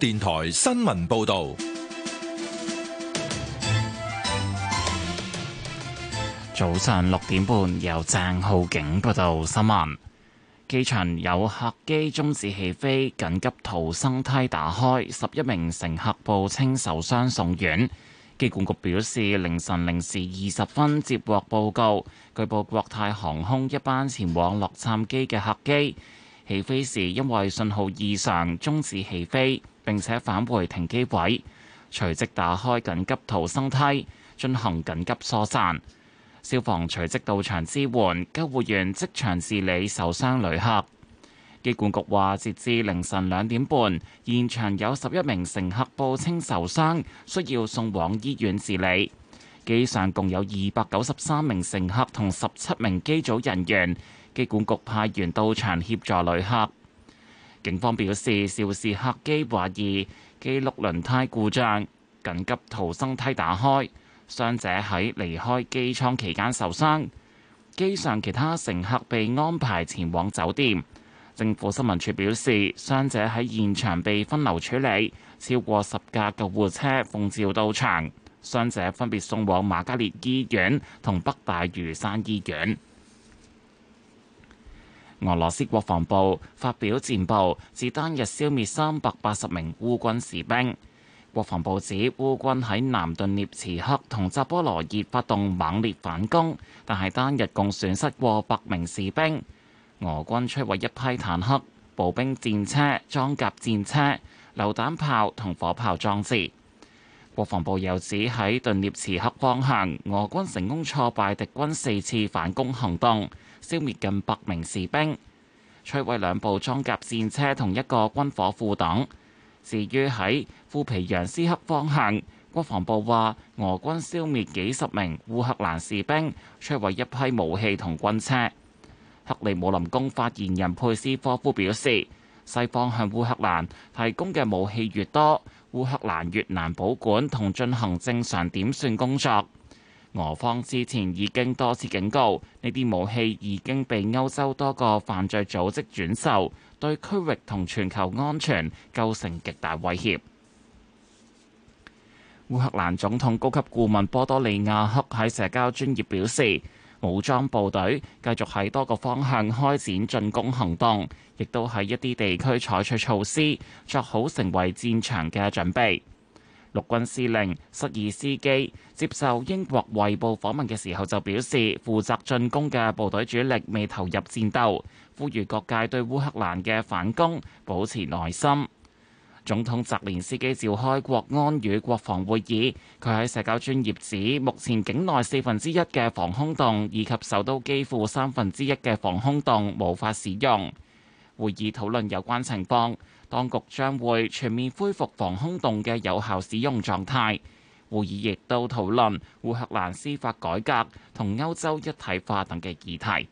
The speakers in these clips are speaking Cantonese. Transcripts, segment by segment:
電台新聞報道，早上六點半，由鄭浩景報道新聞。機場有客機終止起飛，緊急逃生梯打開，十一名乘客報稱受傷送院。機管局表示，凌晨零時二十分接獲報告，據報國泰航空一班前往洛杉磯嘅客機起飛時，因為信號異常終止起飛。並且返回停機位，隨即打開緊急逃生梯，進行緊急疏散。消防隨即到場支援，救護員即場治理受傷旅客。機管局話，截至凌晨兩點半，現場有十一名乘客報稱受傷，需要送往醫院治理。機上共有二百九十三名乘客同十七名機組人員。機管局派員到場協助旅客。警方表示，肇事客機懷疑記錄輪胎故障，緊急逃生梯打開，傷者喺離開機艙期間受傷。機上其他乘客被安排前往酒店。政府新聞處表示，傷者喺現場被分流處理，超過十架救護車奉召到場，傷者分別送往瑪嘉烈醫院同北大嶼山醫院。俄羅斯國防部發表戰報，指單日消滅三百八十名烏軍士兵。國防部指烏軍喺南頓涅茨克同扎波羅熱發動猛烈反攻，但係單日共損失過百名士兵。俄軍摧毀一批坦克、步兵戰車、裝甲戰車、榴彈炮同火炮裝置。國防部又指喺頓涅茨克方向，俄軍成功挫敗敵軍四次反攻行動。消滅近百名士兵，摧毀兩部裝甲戰車同一個軍火庫等。至於喺庫皮揚斯克方向，國防部話俄軍消滅幾十名烏克蘭士兵，摧毀一批武器同軍車。克里姆林宮發言人佩斯科夫表示，西方向烏克蘭提供嘅武器越多，烏克蘭越難保管同進行正常點算工作。俄方之前已經多次警告，呢啲武器已經被歐洲多個犯罪組織轉售，對區域同全球安全構成極大威脅。烏克蘭總統高級顧問波多利亞克喺社交專業表示，武裝部隊繼續喺多個方向開展進攻行動，亦都喺一啲地區採取措施，作好成為戰場嘅準備。陸軍司令瑟爾斯基接受英國《衛報》訪問嘅時候就表示，負責進攻嘅部隊主力未投入戰鬥，呼籲各界對烏克蘭嘅反攻保持耐心。總統澤連斯基召開國安與國防會議，佢喺社交專頁指，目前境內四分之一嘅防空洞以及首都幾乎三分之一嘅防空洞無法使用。會議討論有關情況。當局將會全面恢復防空洞嘅有效使用狀態。會議亦都討論烏克蘭司法改革同歐洲一體化等嘅議題。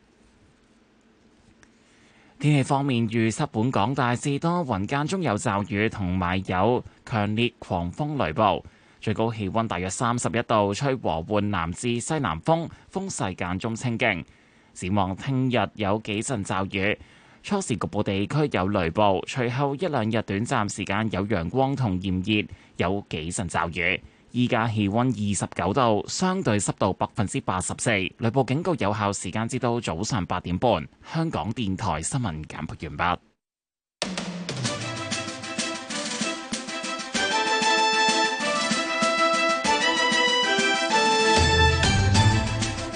天氣方面，預測本港大致多雲間中有驟雨，同埋有強烈狂風雷暴。最高氣溫大約三十一度，吹和緩南至西南風，風勢間中清勁。展望聽日有幾陣驟雨。初時局部地區有雷暴。隨後一兩日短暫時間有陽光同炎熱，有幾陣驟雨。依家氣溫二十九度，相對濕度百分之八十四，雷暴警告有效時間至到早上八點半。香港電台新聞簡報完畢。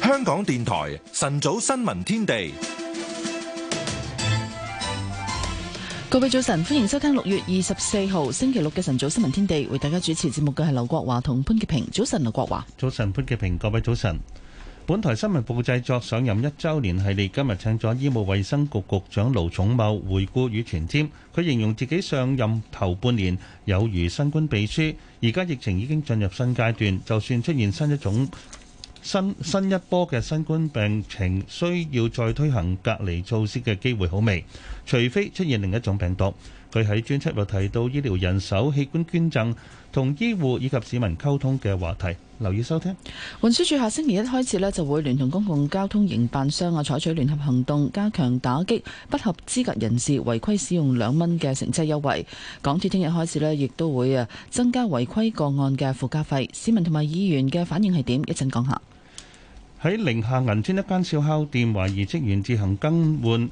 香港電台晨早新聞天地。各位早晨，歡迎收聽六月二十四號星期六嘅晨早新聞天地，為大家主持節目嘅係劉國華同潘潔平。早晨，劉國華。早晨，潘潔平。各位早晨。本台新聞部製作上任一周年系列，今日請咗醫務衛生局局長盧寵茂回顧與前瞻。佢形容自己上任頭半年有如新冠秘書，而家疫情已經進入新階段，就算出現新一種。新新一波嘅新冠病情，需要再推行隔離措施嘅機會好微，除非出現另一種病毒。佢喺專輯又提到醫療人手、器官捐贈同醫護以及市民溝通嘅話題，留意收聽。運輸署下星期一開始呢就會聯同公共交通營辦商啊，採取聯合行動，加強打擊不合資格人士違規使用兩蚊嘅乘車優惠。港鐵聽日開始呢亦都會啊增加違規個案嘅附加費，市民同埋議員嘅反應係點？一陣講下。喺寧夏銀川一間燒烤店，懷疑職員自行更換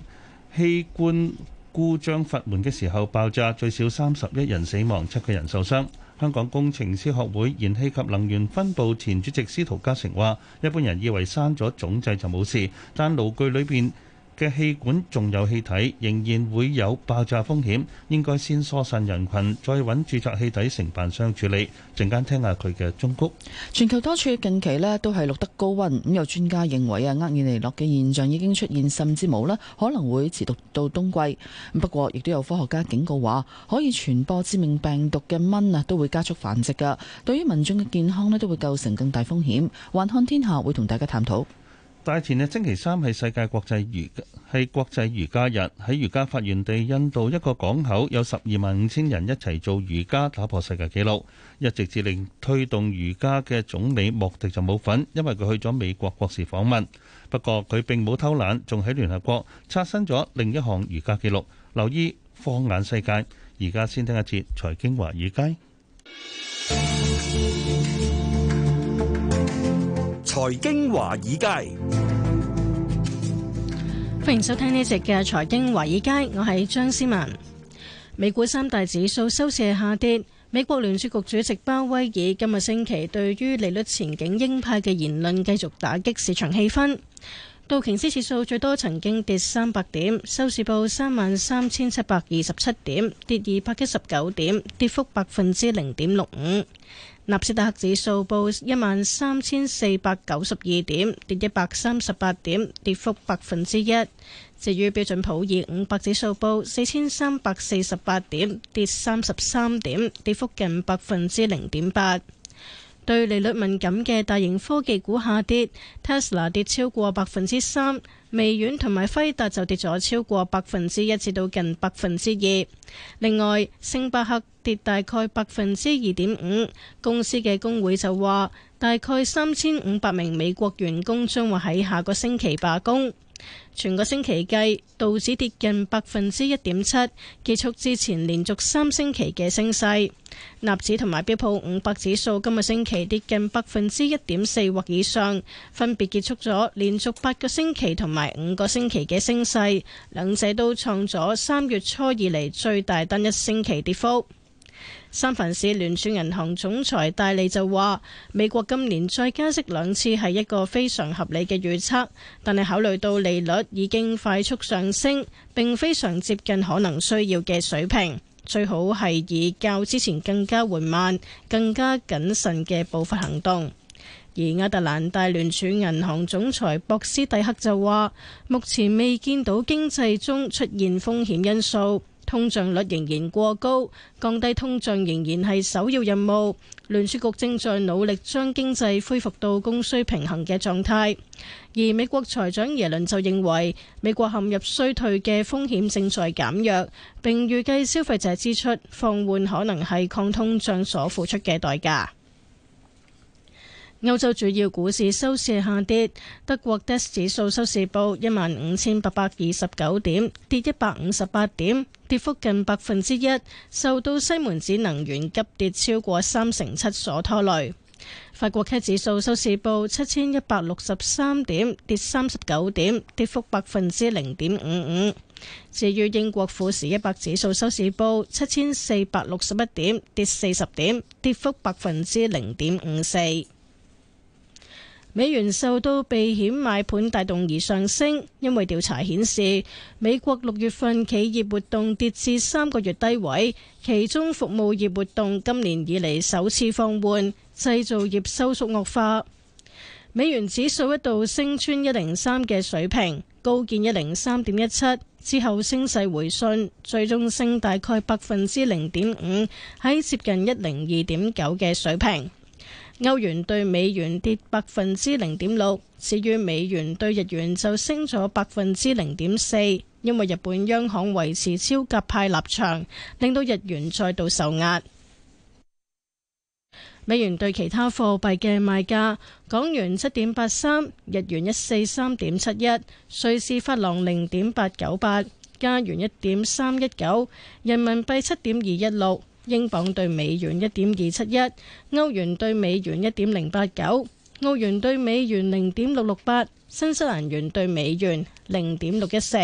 氣罐故障閥門嘅時候爆炸，最少三十一人死亡，七個人受傷。香港工程師學會燃氣及能源分部前主席司徒嘉誠話：一般人以為閂咗總掣就冇事，但爐具裏邊，嘅氣管仲有氣體，仍然會有爆炸風險，應該先疏散人群，再揾註冊氣體承辦商處理。陣間聽下佢嘅忠告。全球多處近期咧都係錄得高溫，咁有專家認為啊，厄爾尼諾嘅現象已經出現，甚至冇啦，可能會持續到冬季。不過，亦都有科學家警告話，可以傳播致命病毒嘅蚊啊，都會加速繁殖噶，對於民眾嘅健康咧都會構成更大風險。環看天下會同大家探討。大前日星期三係世界國際瑜係國際瑜伽日，喺瑜伽發源地印度一個港口，有十二萬五千人一齊做瑜伽，打破世界紀錄。一直至令推動瑜伽嘅總理莫迪就冇份，因為佢去咗美國國事訪問。不過佢並冇偷懶，仲喺聯合國刷新咗另一項瑜伽紀錄。留意放眼世界，而家先聽一節財經華爾街。 財經華爾街，歡迎收聽呢一節嘅財經華爾街，我係張思文。美股三大指數收市下跌，美國聯儲局主席鮑威爾今日星期對於利率前景鷹派嘅言論繼續打擊市場氣氛。道瓊斯指數最多曾經跌三百點，收市報三萬三千七百二十七點，跌二百一十九點，跌幅百分之零點六五。納斯達克指數報一萬三千四百九十二點，跌一百三十八點，跌幅百分之一。至於標準普爾五百指數報四千三百四十八點，跌三十三點，跌幅近百分之零點八。對利率敏感嘅大型科技股下跌，Tesla 跌超過百分之三，微軟同埋輝達就跌咗超過百分之一至到近百分之二。另外，星巴克跌大概百分之二點五。公司嘅工會就話，大概三千五百名美國員工將會喺下個星期罷工。全個星期計，道指跌近百分之一點七，結束之前連續三星期嘅升勢。納指同埋標普五百指數今個星期跌近百分之一點四或以上，分別結束咗連續八個星期同埋五個星期嘅升勢，兩者都創咗三月初以嚟最大單一星期跌幅。三藩市聯儲銀行總裁戴利就話：美國今年再加息兩次係一個非常合理嘅預測，但係考慮到利率已經快速上升，並非常接近可能需要嘅水平，最好係以較之前更加緩慢、更加謹慎嘅步伐行動。而亞特蘭大聯儲銀行總裁博斯蒂克就話：目前未見到經濟中出現風險因素。通脹率仍然過高，降低通脹仍然係首要任務。聯儲局正在努力將經濟恢復到供需平衡嘅狀態。而美國財長耶倫就認為，美國陷入衰退嘅風險正在減弱，並預計消費者支出放緩可能係抗通脹所付出嘅代價。歐洲主要股市收市下跌，德國 DAX 指數收市報一萬五千八百二十九點，跌一百五十八點，跌幅近百分之一，受到西門子能源急跌超過三成七所拖累。法國 K 指數收市報七千一百六十三點，跌三十九點，跌幅百分之零點五五。至於英國富時一百指數收市報七千四百六十一點，跌四十點，跌幅百分之零點五四。美元受到避險買盤帶動而上升，因為調查顯示美國六月份企業活動跌至三個月低位，其中服務業活動今年以嚟首次放緩，製造業收縮惡化。美元指數一度升穿一零三嘅水平，高見一零三點一七，之後升勢回順，最終升大概百分之零點五，喺接近一零二點九嘅水平。歐元對美元跌百分之零點六，至於美元對日元就升咗百分之零點四，因為日本央行維持超鴿派立場，令到日元再度受壓。美元對其他貨幣嘅賣價：港元七點八三，日元一四三點七一，瑞士法郎零點八九八，加元一點三一九，人民幣七點二一六。英鎊兌美元一點二七一，歐元兌美元一點零八九，澳元兌美元零點六六八，新西蘭元兌美元零點六一四。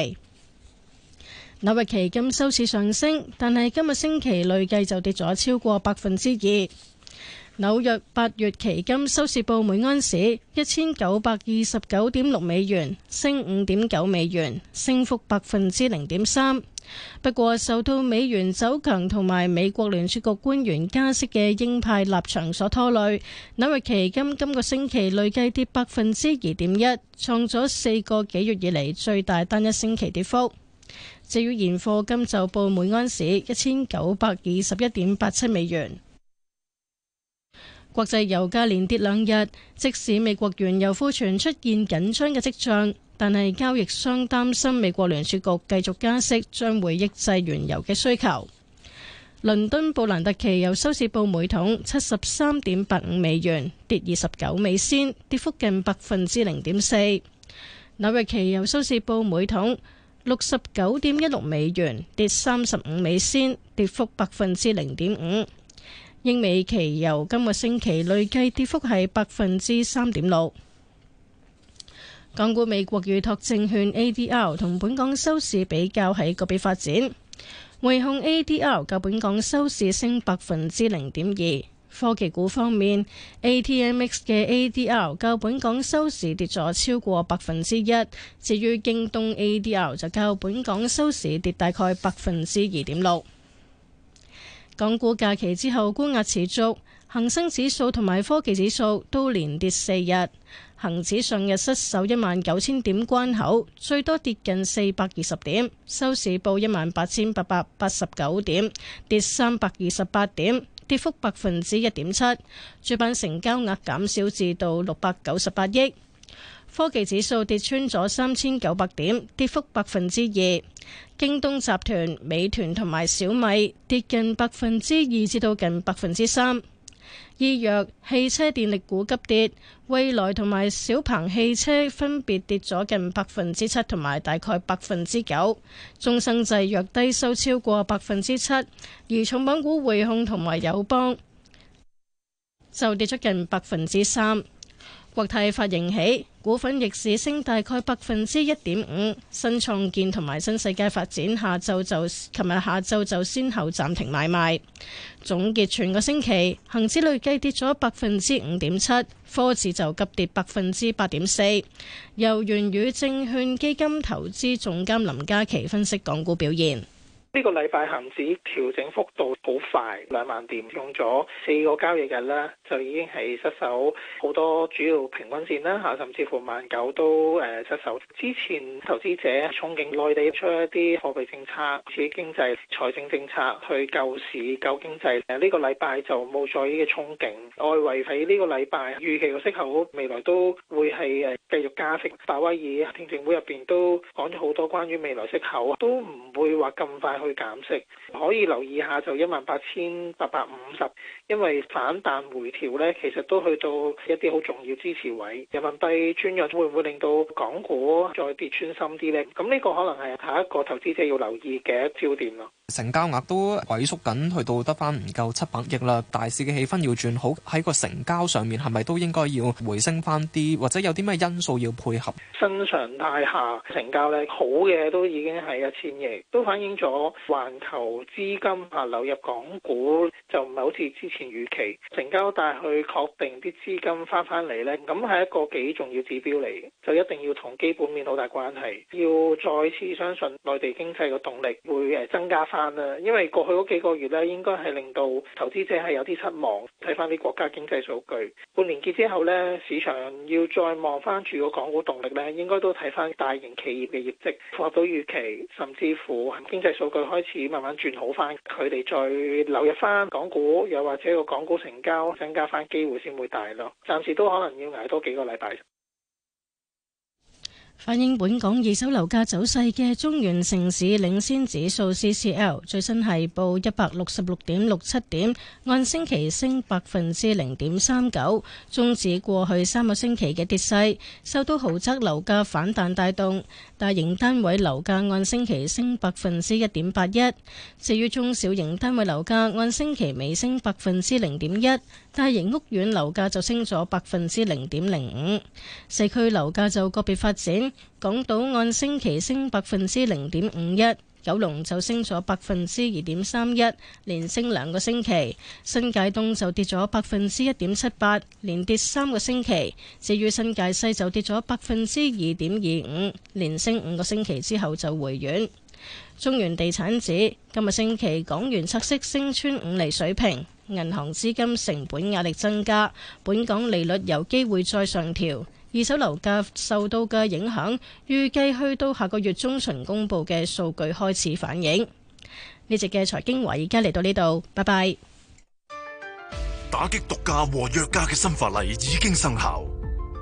紐約期金收市上升，但係今日星期累計就跌咗超過百分之二。紐約八月期金收市報每安士一千九百二十九點六美元，升五點九美元，升幅百分之零點三。不過受到美元走強同埋美國聯儲局官員加息嘅鷹派立場所拖累，紐約期金今，今個星期累計跌百分之二點一，創咗四個幾月以嚟最大單一星期跌幅。至於現貨金就報每安士一千九百二十一點八七美元。國際油價連跌兩日，即使美國原油庫存出現緊張嘅跡象。但係交易商擔心美國聯儲局繼續加息，將會抑制原油嘅需求。倫敦布蘭特期油收市報每桶七十三點八五美元，跌二十九美仙，跌幅近百分之零點四。紐約期油收市報每桶六十九點一六美元，跌三十五美仙，跌幅百分之零點五。英美期油今個星期累計跌幅係百分之三點六。港股美國預託證券 A D R 同本港收市比較喺個別發展，匯控 A D R 較本港收市升百分之零點二。科技股方面，A T M X 嘅 A D R 較本港收市跌咗超過百分之一，至於京東 A D R 就較本港收市跌大概百分之二點六。港股假期之後，沽壓持續，恒生指數同埋科技指數都連跌四日。恒指上日失守一萬九千點關口，最多跌近四百二十點，收市報一萬八千八百八十九點，跌三百二十八點，跌幅百分之一點七。主板成交額減少至到六百九十八億。科技指數跌穿咗三千九百點，跌幅百分之二。京東集團、美團同埋小米跌近百分之二至到近百分之三。醫藥、汽車、電力股急跌，蔚來同埋小鵬汽車分別跌咗近百分之七同埋大概百分之九，中生製藥低收超過百分之七，而重磅股匯控同埋友邦就跌咗近百分之三。國泰發盈喜。股份逆市升，大概百分之一點五。新創建同埋新世界發展下晝就，琴日下晝就先後暫停買賣。總結全個星期，恒指累計跌咗百分之五點七，科指就急跌百分之八點四。由元宇證券基金投資總監林嘉琪分析港股表現。呢個禮拜恒指調整幅度好快，兩萬點用咗四個交易日咧，就已經係失守好多主要平均線啦嚇，甚至乎萬九都誒，失守。之前投資者憧憬內地出一啲貨幣政策、刺激經濟、財政政策去救市、救經濟，誒、這、呢個禮拜就冇再呢個憧憬。外圍喺呢個禮拜預期個息口未來都會係誒繼續加息。鮑威爾聽證會入邊都講咗好多關於未來息口，都唔會話咁快。去減息，可以留意下就一萬八千八百五十，因為反彈回調咧，其實都去到一啲好重要支持位。人民幣轉弱會唔會令到港股再跌穿深啲呢？咁呢個可能係下一個投資者要留意嘅焦點咯。成交額都萎縮緊，去到得翻唔夠七百億啦。大市嘅氣氛要轉好，喺個成交上面係咪都應該要回升翻啲，或者有啲咩因素要配合？新常態下成交咧，好嘅都已經係一千億，都反映咗環球資金啊流入港股就唔係好似之前預期。成交但去確定啲資金翻翻嚟咧，咁係一個幾重要指標嚟，就一定要同基本面好大關係。要再次相信內地經濟嘅動力會誒增加翻。因為過去嗰幾個月咧，應該係令到投資者係有啲失望，睇翻啲國家經濟數據。半年結之後呢，市場要再望翻住個港股動力呢，應該都睇翻大型企業嘅業績符合到預期，甚至乎經濟數據開始慢慢轉好翻，佢哋再流入翻港股，又或者個港股成交增加翻，機會先會大咯。暫時都可能要挨多幾個禮拜。反映本港二手樓價走勢嘅中原城市領先指數 CCL 最新係報一百六十六點六七點，按星期升百分之零點三九，終止過去三個星期嘅跌勢。受到豪宅樓價反彈帶動，大型單位樓價按星期升百分之一點八一，至於中小型單位樓價按星期微升百分之零點一。大型屋苑樓價就升咗百分之零點零五，市區樓價就個別發展。港島按星期升百分之零點五一，九龍就升咗百分之二點三一，連升兩個星期。新界東就跌咗百分之一點七八，連跌三個星期。至於新界西就跌咗百分之二點二五，連升五個星期之後就回軟。中原地產指今日星期港元拆息升穿五厘水平。銀行資金成本壓力增加，本港利率有機會再上調。二手樓價受到嘅影響，預計去到下個月中旬公布嘅數據開始反映。呢節嘅財經華而家嚟到呢度，拜拜。打擊毒駕和藥駕嘅新法例已經生效，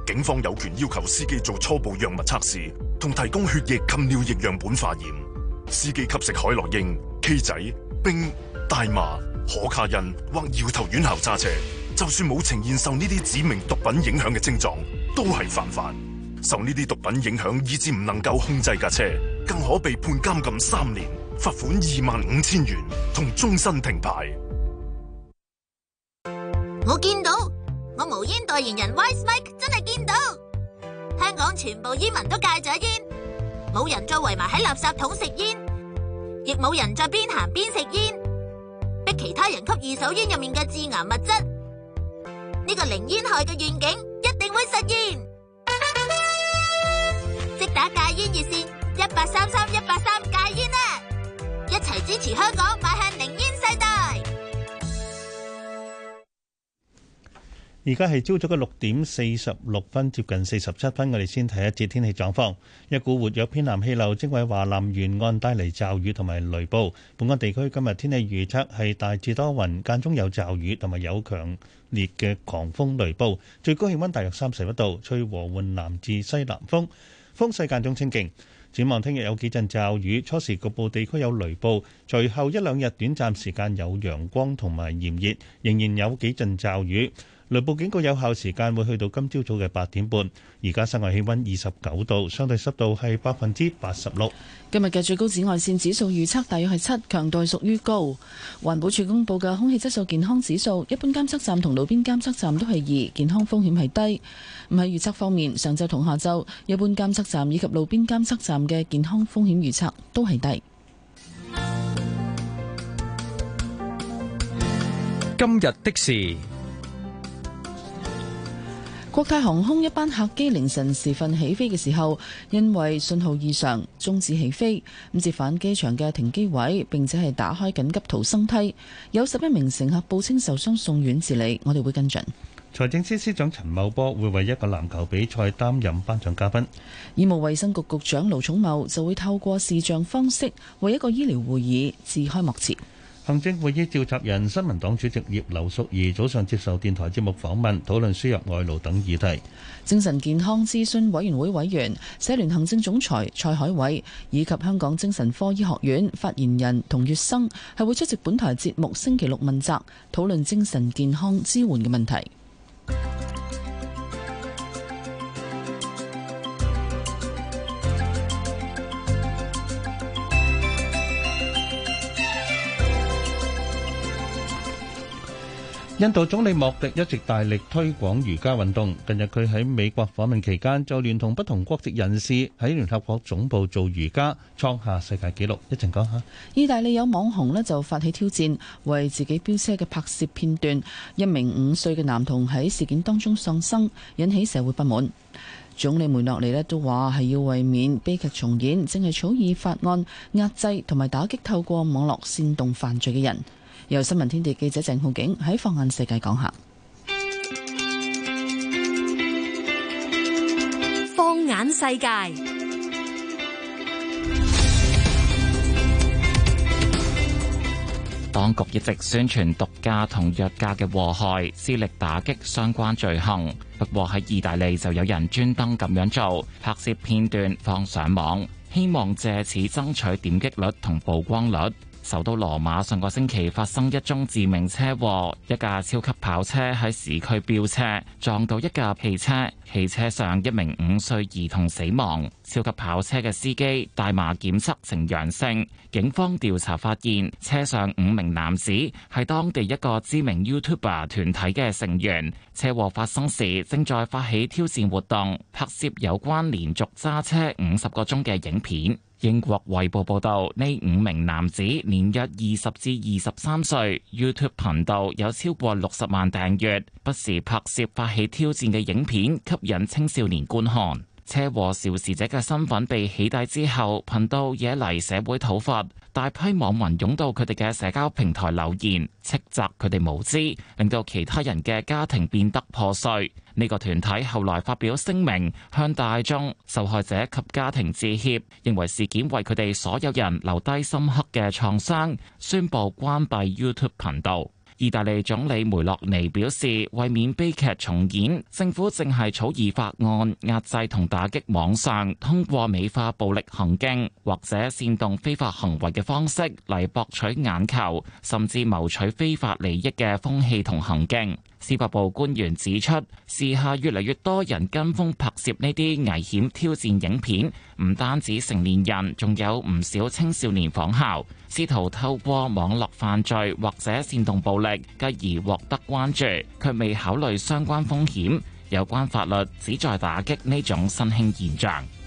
警方有權要求司機做初步藥物測試，同提供血液及尿液樣本化驗。司機吸食海洛因，K 仔、冰、大麻，可卡因或搖頭丸後揸車，就算冇呈現受呢啲指明毒品影響嘅症狀，都係犯法。受呢啲毒品影響，以致唔能夠控制架車，更可被判監禁三年，罰款二萬五千元，同終身停牌。我見到，我無煙代言人 Wise Mike 真係見到，香港全部煙民都戒咗煙，冇人再圍埋喺垃圾桶食煙，亦冇人再邊行邊食煙。其他人吸二手煙入面嘅致癌物質，呢個零煙害嘅願景一定會實現。即打戒煙熱線一八三三一八三戒煙啦，一齊支持香港萬幸！而家係朝早嘅六點四十六分，接近四十七分，我哋先睇一節天氣狀況。一股活躍偏南氣流正為華南沿岸帶嚟驟雨同埋雷暴。本港地區今日天氣預測係大致多雲，間中有驟雨同埋有強烈嘅狂風雷暴。最高氣溫大約三十一度，吹和緩南至西南風，風勢間中清勁。展望聽日有幾陣驟雨，初時局部地區有雷暴，隨後一兩日短暫時間有陽光同埋炎熱，仍然有幾陣驟雨。雷暴警告有效時間會去到今朝早嘅八點半。而家室外氣溫二十九度，相對濕度係百分之八十六。今日嘅最高紫外線指數預測大約係七，強度屬於高。環保署公布嘅空氣質素健康指數，一般監測站同路邊監測站都係二，健康風險係低。唔喺預測方面，上晝同下晝一般監測站以及路邊監測站嘅健康風險預測都係低。今日的事。國泰航空一班客機凌晨時分起飛嘅時候，因為信號異常終止起飛，接返機場嘅停機位，並且係打開緊急逃生梯。有十一名乘客報稱受傷，送院治理。我哋會跟進。財政司司長陳茂波會為一個籃球比賽擔任頒獎嘉賓。醫務衛生局局長盧寵茂就會透過視像方式為一個醫療會議致開幕詞。行政會議召集人、新民黨主席葉劉淑儀早上接受電台節目訪問，討論輸入外勞等議題。精神健康諮詢委員會委員、社聯行政總裁蔡海偉以及香港精神科醫學院發言人佟月生，係會出席本台節目星期六問責，討論精神健康支援嘅問題。印度總理莫迪一直大力推廣瑜伽運動。近日佢喺美國訪問期間，就聯同不同國籍人士喺聯合國總部做瑜伽，創下世界紀錄。一陣講下。意大利有網紅呢就發起挑戰，為自己飆車嘅拍攝片段。一名五歲嘅男童喺事件當中喪生，引起社會不滿。總理梅諾尼呢都話係要為免悲劇重演，正係草擬法案壓制同埋打擊透過網絡煽動犯罪嘅人。由新聞天地記者鄭浩景喺放眼世界講下，放眼世界，當局一直宣傳毒駕同藥駕嘅禍害，致力打擊相關罪行。不過喺意大利就有人專登咁樣做，拍攝片段放上網，希望借此爭取點擊率同曝光率。首都羅馬上個星期發生一宗致命車禍，一架超級跑車喺市區飆車撞到一架汽車，汽車上一名五歲兒童死亡。超級跑車嘅司機大麻檢測呈陽性，警方調查發現車上五名男子係當地一個知名 YouTuber 團體嘅成員。車禍發生時正在發起挑戰活動，拍攝有關連續揸車五十個鐘嘅影片。英國《衛報》報導，呢五名男子年約二十至二十三歲，YouTube 頻道有超過六十萬訂閱，不時拍攝發起挑戰嘅影片，吸引青少年觀看。車禍肇事者嘅身份被起底之後，頻道惹嚟社會討伐，大批網民湧到佢哋嘅社交平台留言，斥責佢哋無知，令到其他人嘅家庭變得破碎。呢個團體後來發表聲明，向大眾、受害者及家庭致歉，認為事件為佢哋所有人留低深刻嘅創傷，宣布關閉 YouTube 頻道。意大利總理梅洛尼表示，為免悲劇重演，政府正係草擬法案，壓制同打擊網上通過美化暴力行徑，或者煽動非法行為嘅方式嚟博取眼球，甚至謀取非法利益嘅風氣同行徑。司法部官員指出，時下越嚟越多人跟風拍攝呢啲危險挑戰影片，唔單止成年人，仲有唔少青少年仿效，試圖透過網絡犯罪或者煽動暴力，繼而獲得關注，卻未考慮相關風險，有關法律旨在打擊呢種新興現象。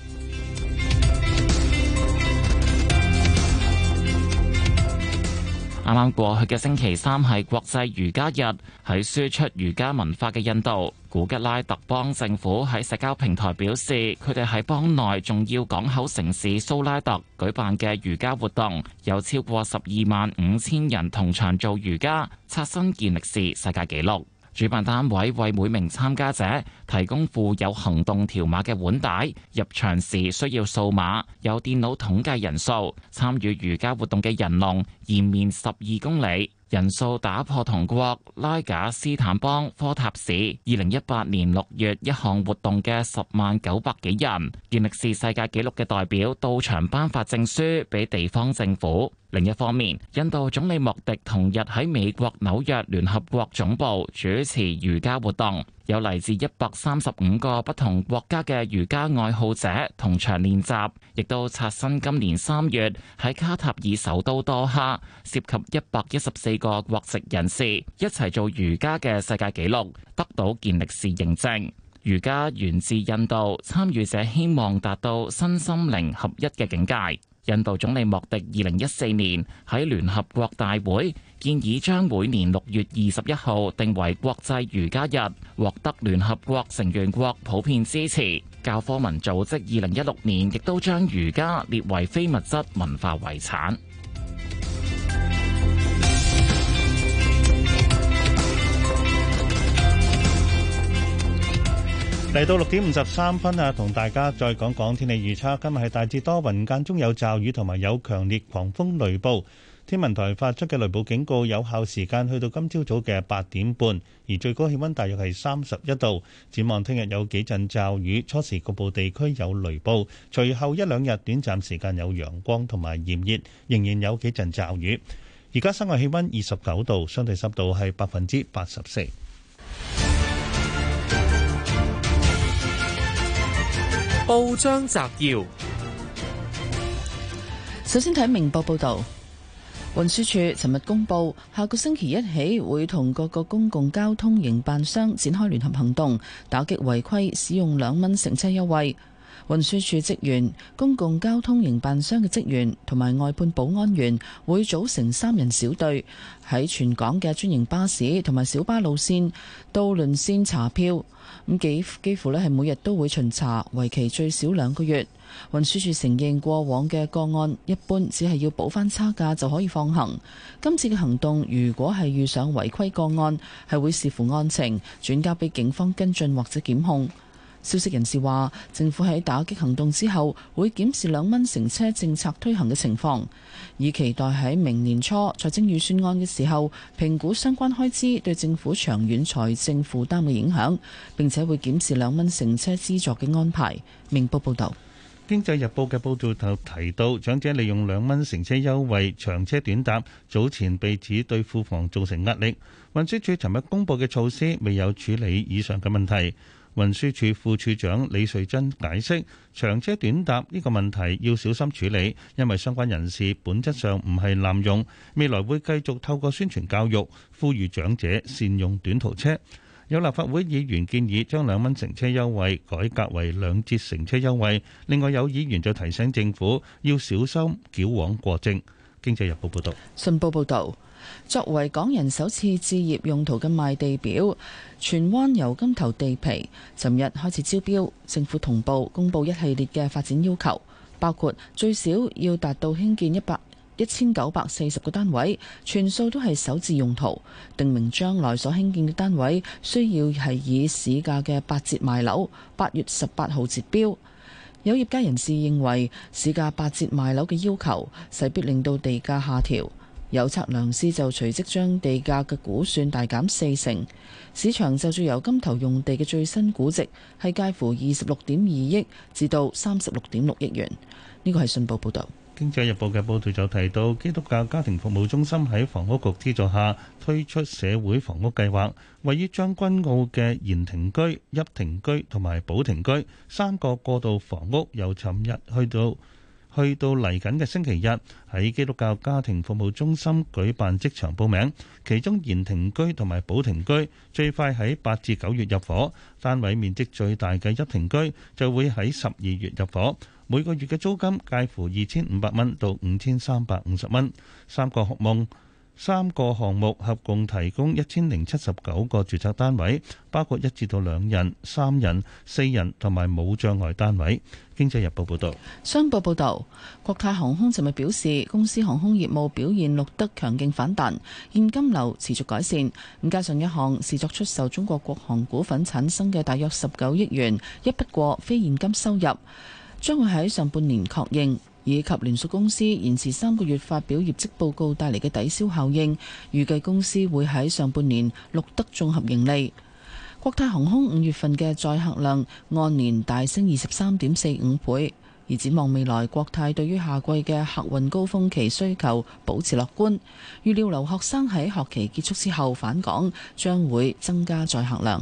啱啱過去嘅星期三係國際瑜伽日，喺輸出瑜伽文化嘅印度，古吉拉特邦政府喺社交平台表示，佢哋喺邦內重要港口城市蘇拉特舉辦嘅瑜伽活動，有超過十二萬五千人同場做瑜伽，刷新健力士世界紀錄。主辦單位為每名參加者提供附有行動條碼嘅腕帶，入場時需要掃碼，有電腦統計人數。參與瑜伽活動嘅人龍延綿十二公里，人數打破同國拉賈斯坦邦科塔市二零一八年六月一項活動嘅十萬九百幾人。健力士世界紀錄嘅代表到場頒發證書俾地方政府。另一方面，印度總理莫迪同日喺美國紐約聯合國總部主持瑜伽活動，有嚟自一百三十五個不同國家嘅瑜伽愛好者同場練習，亦都刷新今年三月喺卡塔爾首都多哈涉及一百一十四個國籍人士一齊做瑜伽嘅世界紀錄，得到健力士認證。瑜伽源自印度，參與者希望達到身心靈合一嘅境界。印度總理莫迪二零一四年喺聯合國大會建議將每年六月二十一號定為國際瑜伽日，獲得聯合國成員國普遍支持。教科文組織二零一六年亦都將瑜伽列為非物質文化遺產。嚟到六點五十三分啊，同大家再講講天氣預測。今日係大致多雲，間中有驟雨，同埋有強烈狂風雷暴。天文台發出嘅雷暴警告有效時間去到今朝早嘅八點半，而最高氣溫大約係三十一度。展望聽日有幾陣驟雨，初時局部地區有雷暴，隨後一兩日短暫時間有陽光同埋炎熱，仍然有幾陣驟雨。而家室外氣溫二十九度，相對濕度係百分之八十四。報章摘要：首先睇明報報道，運輸署尋日公布，下個星期一起會同各個公共交通營辦商展開聯合行動，打擊違規使用兩蚊乘車優惠。運輸署職員、公共交通營辦商嘅職員同埋外判保安員會組成三人小隊，喺全港嘅專營巴士同埋小巴路綫到輪綫查票。咁幾乎咧每日都會巡查，為期最少兩個月。運輸署承認過往嘅個案一般只係要補返差價就可以放行。今次嘅行動如果係遇上違規個案，係會視乎案情轉交俾警方跟進或者檢控。消息人士話，政府喺打擊行動之後會檢視兩蚊乘車政策推行嘅情況，以期待喺明年初財政預算案嘅時候評估相關開支對政府長遠財政負擔嘅影響。並且會檢視兩蚊乘車資助嘅安排。明報報道，《經濟日報》嘅報導就提到，長者利用兩蚊乘車優惠長車短搭，早前被指對庫房造成壓力。運輸署尋日公布嘅措施未有處理以上嘅問題。運輸署副署長李瑞珍解釋，長車短搭呢個問題要小心處理，因為相關人士本質上唔係濫用，未來會繼續透過宣傳教育，呼籲長者善用短途車。有立法會議員建議將兩蚊乘車優惠改革為兩折乘車優惠，另外有議員就提醒政府要小心矯枉過正。經濟日報報導，信報報導，作為港人首次置業用途嘅賣地表，荃灣由金頭油柑頭地皮，尋日開始招標，政府同步公布一系列嘅發展要求，包括最少要達到興建一百一千九百四十個單位，全數都係首置用途，定明將來所興建嘅單位需要係以市價嘅八折賣樓，八月十八號截標。有業界人士認為市價八折賣樓嘅要求，勢必令到地價下調。有測量師就隨即將地價嘅估算大減四成。市場就住由金頭用地嘅最新估值係介乎二十六點二億至到三十六點六億元。呢個係信報報導。經濟日報嘅報道就提到，基督教家庭服務中心喺房屋局資助下推出社會房屋計劃，位於將軍澳嘅延庭居、入庭居同埋寶庭居三個過渡房屋，由尋日去到去到嚟緊嘅星期日喺基督教家庭服務中心舉辦職場報名。其中延庭居同埋寶庭居最快喺八至九月入伙，單位面積最大嘅入庭居就會喺十二月入伙。每個月嘅租金介乎二千五百蚊到五千三百五十蚊。三個學夢三個項目合共提供一千零七十九個住宅單位，包括一至到兩人、三人、四人同埋冇障礙單位。經濟日報報導。商報報導，國泰航空尋日表示，公司航空業務表現錄得強勁反彈，現金流持續改善。加上一項視作出售中國國航股份產生嘅大約十九億元，一筆過非現金收入。將會喺上半年確認，以及聯屬公司延遲三個月發表業績報告帶嚟嘅抵消效應，預計公司會喺上半年錄得綜合盈利。國泰航空五月份嘅載客量按年大升二十三點四五倍，而展望未來，國泰對於夏季嘅客運高峰期需求保持樂觀，預料留學生喺學期結束之後返港將會增加載客量。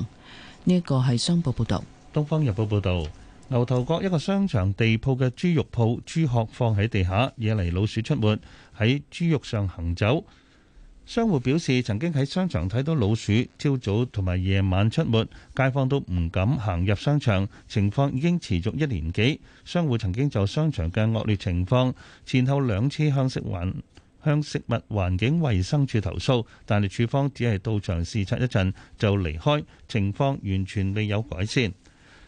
呢一個係商報報導。東方日報報導。牛頭角一個商場地鋪嘅豬肉鋪，豬殼放喺地下，惹嚟老鼠出沒喺豬肉上行走。商戶表示，曾經喺商場睇到老鼠朝早同埋夜晚出沒，街坊都唔敢行入商場。情況已經持續一年幾。商戶曾經就商場嘅惡劣情況，前後兩次向食環向食物環境衞生署投訴，但係署方只係到場視察一陣就離開，情況完全未有改善。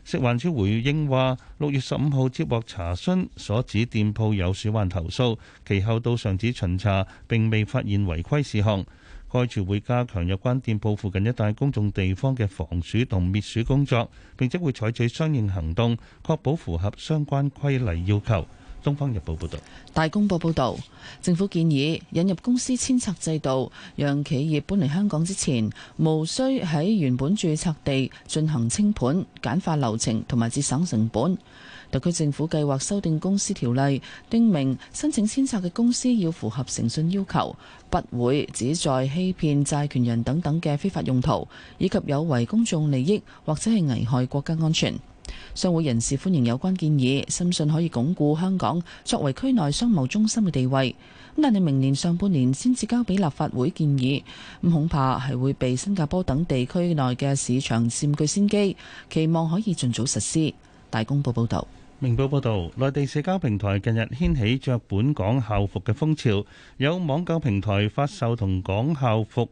食環署回應話：六月十五號接獲查詢，所指店鋪有鼠患投訴，其後到上址巡查，並未發現違規事項。該署會加強有關店鋪附近一帶公眾地方嘅防鼠同滅鼠工作，並且會採取相應行動，確保符合相關規例要求。《東方日報》報導，《大公報》報導，政府建議引入公司遷冊制度，讓企業搬嚟香港之前，毋須喺原本註冊地進行清盤，簡化流程同埋節省成本。特區政府計劃修訂公司條例，訂明申請遷冊嘅公司要符合誠信要求，不會旨在欺騙債權人等等嘅非法用途，以及有違公眾利益或者係危害國家安全。商會人士歡迎有關建議，深信可以鞏固香港作為區內商貿中心嘅地位。但係明年上半年先至交俾立法會建議，咁恐怕係會被新加坡等地區內嘅市場佔據先機，期望可以盡早實施。大公報報道：「明報報道，內地社交平台近日掀起着本港校服嘅風潮，有網購平台發售同港校服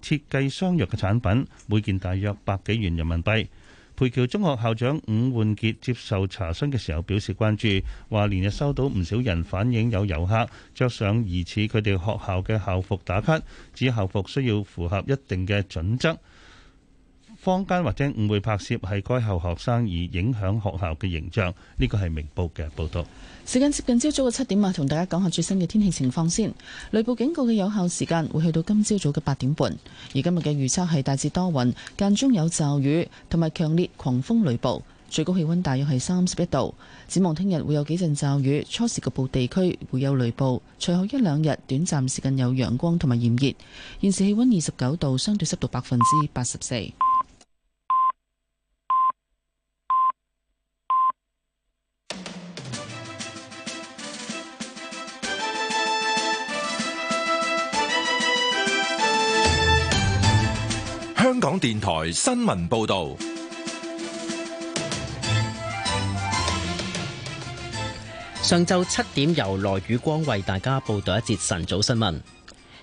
設計相若嘅產品，每件大約百幾元人民幣。培僑中學校長伍煥杰接受查詢嘅時候表示關注，話連日收到唔少人反映有遊客着上疑似佢哋學校嘅校服打卡，指校服需要符合一定嘅準則，坊間或者誤會拍攝係該校學生而影響學校嘅形象，呢個係明報嘅報道。時間接近朝早嘅七點啊，同大家講下最新嘅天氣情況先。雷暴警告嘅有效時間會去到今朝早嘅八點半。而今日嘅預測係大致多雲，間中有驟雨同埋強烈狂風雷暴，最高氣温大約係三十一度。展望聽日會有幾陣驟雨，初時局部地區會有雷暴，隨後一兩日短暫時間有陽光同埋炎熱。現時氣温二十九度，相對濕度百分之八十四。香港電台新聞報道：上晝七點，由羅宇光為大家報道一節晨早新聞。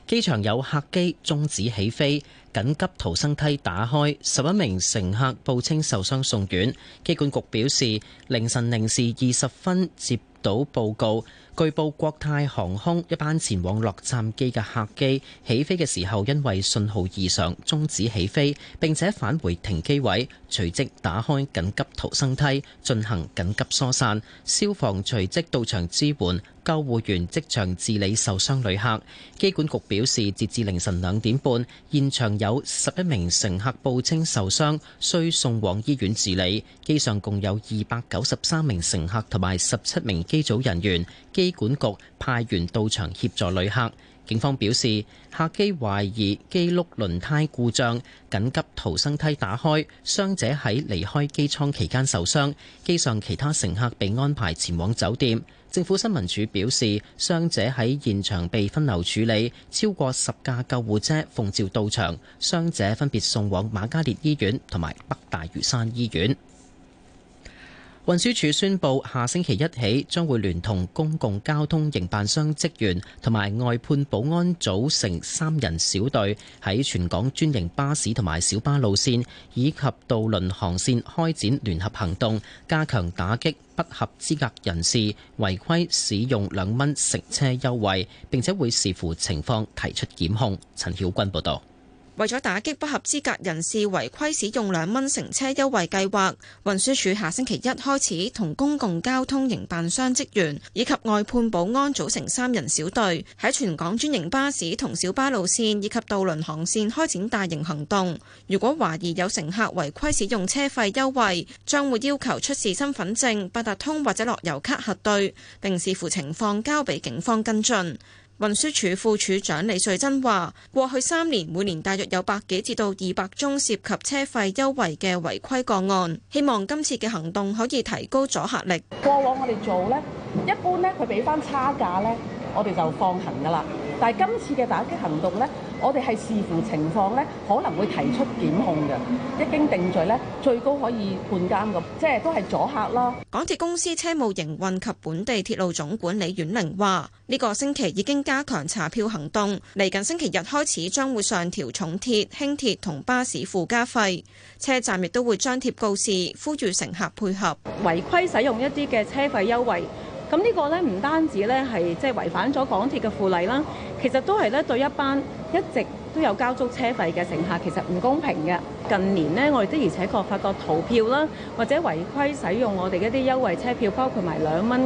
機場有客機終止起飛，緊急逃生梯打開，十一名乘客報稱受傷送院。機管局表示，凌晨零時二十分接。到報告，據報國泰航空一班前往洛杉磯嘅客機起飛嘅時候，因為信號異常終止起飛，並且返回停機位，隨即打開緊急逃生梯進行緊急疏散，消防隨即到場支援，救護員即場治理受傷旅客。機管局表示，截至凌晨兩點半，現場有十一名乘客報稱受傷，需送往醫院治理。機上共有二百九十三名乘客同埋十七名。機組人員，機管局派員到場協助旅客。警方表示，客機懷疑機轆輪胎故障，緊急逃生梯打開，傷者喺離開機艙期間受傷。機上其他乘客被安排前往酒店。政府新聞處表示，傷者喺現場被分流處理，超過十架救護車奉召到場，傷者分別送往瑪嘉烈醫院同埋北大嶼山醫院。運輸署宣布，下星期一起將會聯同公共交通營辦商職員同埋外判保安組成三人小隊，喺全港專營巴士同埋小巴路線以及渡輪航線開展聯合行動，加強打擊不合資格人士違規使用兩蚊乘車優惠，並且會視乎情況提出檢控。陳曉君報道。為咗打擊不合資格人士違規使用兩蚊乘車優惠計劃，運輸署下星期一開始同公共交通營辦商職員以及外判保安組成三人小隊，喺全港專營巴士同小巴路線以及渡輪航線開展大型行動。如果懷疑有乘客違規使用車費優惠，將會要求出示身份證、八達通或者樂悠卡核對，並視乎情況交俾警方跟進。運輸署副，副署長李瑞珍話，過去三年，每年大約有百幾至到二百宗涉及車費優惠嘅違規個案，希望今次嘅行動可以提高阻嚇力。過往我哋做呢，一般呢，佢俾翻差價呢。我哋就放行噶啦，但係今次嘅打擊行動呢，我哋係視乎情況咧，可能會提出檢控嘅。一經定罪呢，最高可以判監咁，即係都係阻嚇啦。港鐵公司車務營運及本地鐵路總管李婉玲話：呢個星期已經加強查票行動，嚟緊星期日開始將會上調重鐵、輕鐵同巴士附加費，車站亦都會張貼告示，呼籲乘客配合違規使用一啲嘅車費優惠。咁呢個呢，唔單止呢係即係違反咗港鐵嘅附例啦，其實都係呢對一班一直都有交足車費嘅乘客其實唔公平嘅。近年呢，我哋的而且確發覺逃票啦，或者違規使用我哋一啲優惠車票，包括埋兩蚊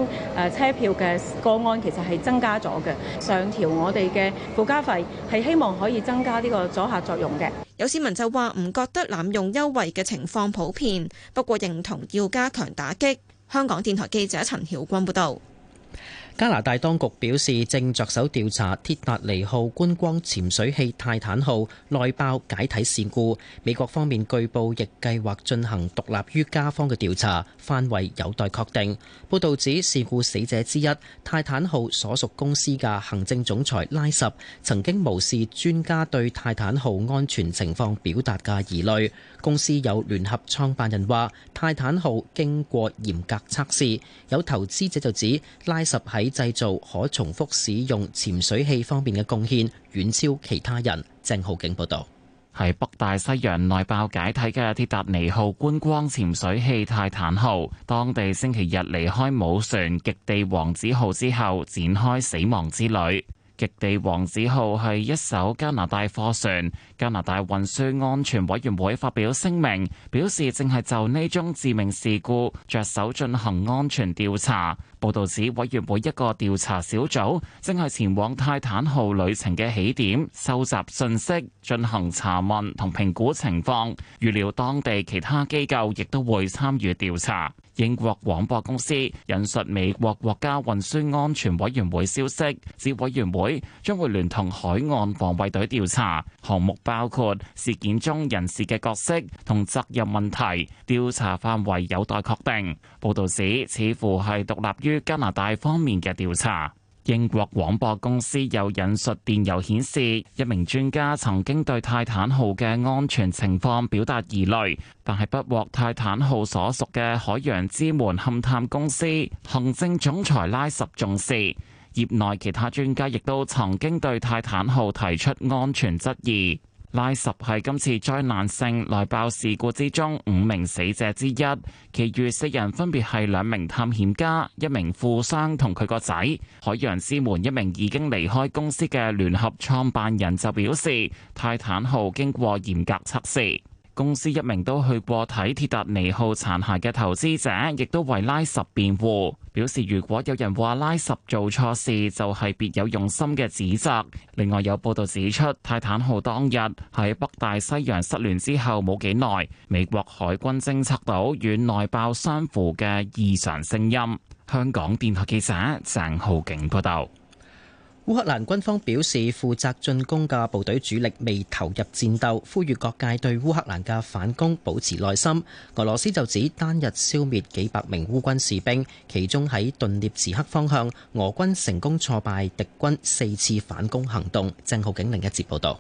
誒車票嘅個案，其實係增加咗嘅。上調我哋嘅附加費，係希望可以增加呢個阻嚇作用嘅。有市民就話唔覺得濫用優惠嘅情況普遍，不過認同要加強打擊。香港電台記者陳曉君報道。加拿大當局表示正着手調查鐵達尼號觀光潛水器泰坦號內爆解體事故。美國方面據報亦計劃進行獨立於加方嘅調查，範圍有待確定。報道指事故死者之一泰坦號所屬公司嘅行政總裁拉什曾經無視專家對泰坦號安全情況表達嘅疑慮。公司有聯合創辦人話泰坦號經過嚴格測試。有投資者就指拉什係。以製造可重複使用潛水器方面嘅貢獻遠超其他人。鄭浩景報道，喺北大西洋內爆解體嘅鐵達尼號觀光潛水器泰坦號，當地星期日離開母船極地王子號之後，展開死亡之旅。極地王子號係一艘加拿大貨船，加拿大運輸安全委員會發表聲明，表示正係就呢宗致命事故着手進行安全調查。報道指，委員會一個調查小組正係前往泰坦號旅程嘅起點，收集信息、進行查問同評估情況。預料當地其他機構亦都會參與調查。英國廣播公司引述美國國家運輸安全委員會消息，指委員會將會聯同海岸防衛隊調查，項目包括事件中人士嘅角色同責任問題，調查範圍有待確定。報道指似乎係獨立於加拿大方面嘅調查。英國廣播公司有引述電郵顯示，一名專家曾經對泰坦號嘅安全情況表達疑慮，但係不獲泰坦號所屬嘅海洋之門勘探公司行政總裁拉什重視。業內其他專家亦都曾經對泰坦號提出安全質疑。拉什係今次災難性內爆事故之中五名死者之一，其餘四人分別係兩名探險家、一名富商同佢個仔。海洋師門一名已經離開公司嘅聯合創辦人就表示，泰坦號經過嚴格測試。公司一名都去過睇鐵達尼號殘骸嘅投資者，亦都為拉什辯護，表示如果有人話拉什做錯事，就係、是、別有用心嘅指責，另外有報道指出，泰坦號當日喺北大西洋失聯之後冇幾耐，美國海軍偵測到與內爆相符嘅異常聲音。香港電台記者鄭浩景報道。烏克蘭軍方表示，負責進攻嘅部隊主力未投入戰鬥，呼籲各界對烏克蘭嘅反攻保持耐心。俄羅斯就指單日消滅幾百名烏軍士兵，其中喺頓涅茨克方向，俄軍成功挫敗敵軍四次反攻行動。鄭浩景另一節報道。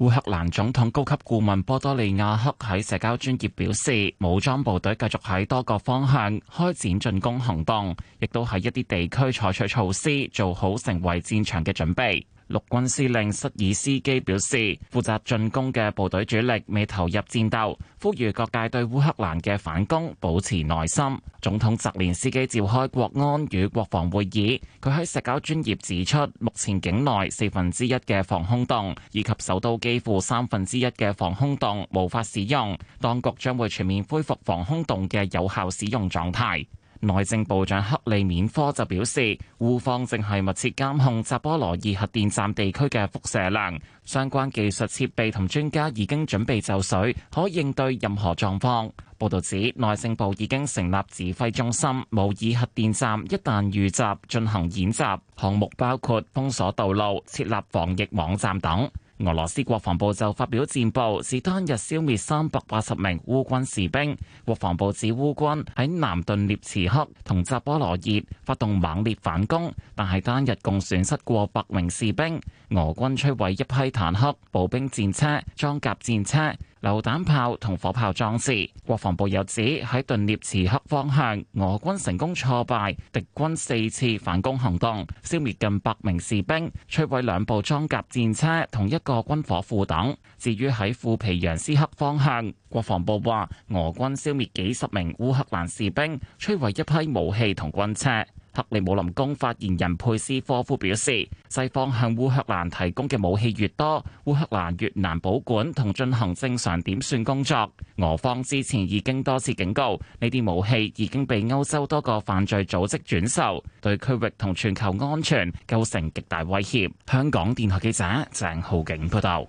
烏克蘭總統高級顧問波多利亞克喺社交專頁表示，武裝部隊繼續喺多個方向開展進攻行動，亦都喺一啲地區採取措施，做好成為戰場嘅準備。陸軍司令瑟爾斯基表示，負責進攻嘅部隊主力未投入戰鬥，呼籲各界對烏克蘭嘅反攻保持耐心。總統澤連斯基召開國安與國防會議，佢喺社交專頁指出，目前境內四分之一嘅防空洞以及首都幾乎三分之一嘅防空洞無法使用，當局將會全面恢復防空洞嘅有效使用狀態。內政部長克利緬科就表示，烏方正係密切監控扎波羅熱核電站地區嘅輻射量，相關技術設備同專家已經準備就緒，可應對任何狀況。報導指，內政部已經成立指揮中心，模擬核電站一旦遇襲進行演習，項目包括封鎖道路、設立防疫網站等。俄羅斯國防部就發表戰報，指單日消滅三百八十名烏軍士兵。國防部指烏軍喺南頓涅茨克同扎波羅熱發動猛烈反攻，但係單日共損失過百名士兵。俄軍摧毀一批坦克、步兵戰車、裝甲戰車、榴彈炮同火炮裝置。國防部又指喺頓涅茨克方向，俄軍成功挫敗敵軍四次反攻行動，消滅近百名士兵，摧毀兩部裝甲戰車同一個軍火庫等。至於喺庫皮揚斯克方向，國防部話俄軍消滅幾十名烏克蘭士兵，摧毀一批武器同軍車。克里姆林宮發言人佩斯科夫表示，西方向烏克蘭提供嘅武器越多，烏克蘭越難保管同進行正常點算工作。俄方之前已經多次警告，呢啲武器已經被歐洲多個犯罪組織轉售，對區域同全球安全構成極大威脅。香港電台記者鄭浩景報道。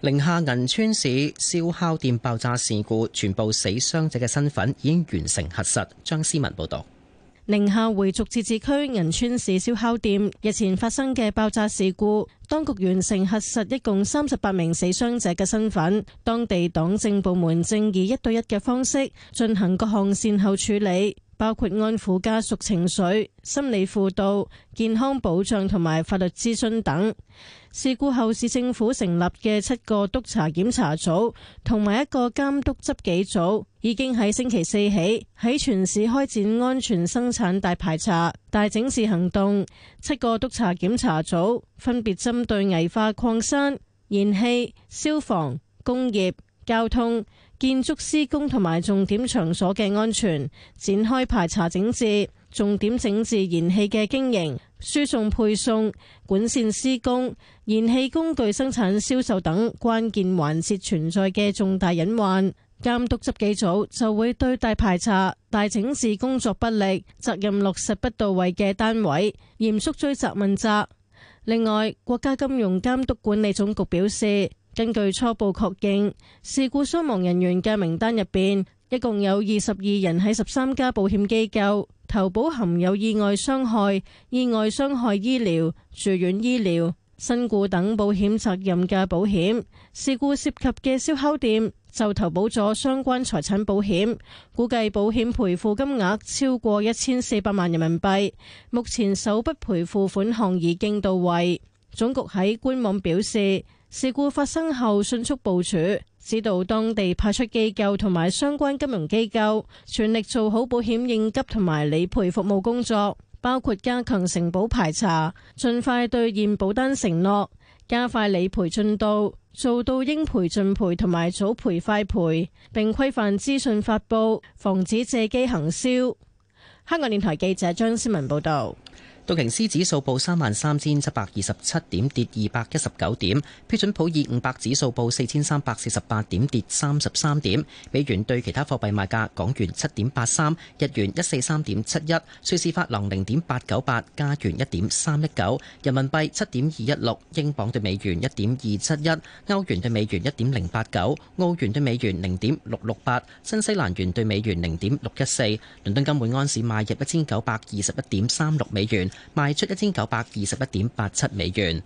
寧夏銀川市燒烤店爆炸事故，全部死傷者嘅身份已經完成核實。張思文報道。寧夏回族自治區銀川市燒烤店日前發生嘅爆炸事故，當局完成核實，一共三十八名死傷者嘅身份。當地黨政部門正以一對一嘅方式進行各項善後處理。包括安撫家屬情緒、心理輔導、健康保障同埋法律諮詢等。事故後，市政府成立嘅七個督查檢查組同埋一個監督執紀組，已經喺星期四起喺全市開展安全生產大排查、大整治行動。七個督查檢查組分別針對危化礦山、燃氣、消防、工業、交通。建築施工同埋重點場所嘅安全展開排查整治，重點整治燃氣嘅經營、輸送、配送、管線施工、燃氣工具生產銷售等關鍵環節存在嘅重大隱患。監督執紀組就會對大排查、大整治工作不力、責任落實不到位嘅單位，嚴肅追責問責。另外，國家金融監督管理總局表示。根據初步確認，事故傷亡人員嘅名單入邊，一共有二十二人喺十三家保險機構投保，含有意外傷害、意外傷害醫療、住院醫療、身故等保險責任嘅保險。事故涉及嘅燒烤店就投保咗相關財產保險，估計保險賠付金額超過一千四百萬人民幣。目前首筆賠付款項已經到位。總局喺官網表示。事故發生後，迅速部署，指導當地派出機構同埋相關金融機構，全力做好保險應急同埋理賠服務工作，包括加強承保排查，盡快兌現保單承諾，加快理賠進度，做到應賠盡賠同埋早賠快賠，並規範資訊發布，防止借機行銷。香港電台記者張思文報導。道瓊斯指數報三萬三千七百二十七點，跌二百一十九點。標準普爾五百指數報四千三百四十八點，跌三十三點。美元對其他貨幣賣價：港元七點八三，日元一四三點七一，瑞士法郎零點八九八，加元一點三一九，人民幣七點二一六，英鎊對美元一點二七一，歐元對美元一點零八九，澳元對美元零點六六八，新西蘭元對美元零點六一四。倫敦金每安士賣入一千九百二十一點三六美元。賣出一千九百二十一點八七美元。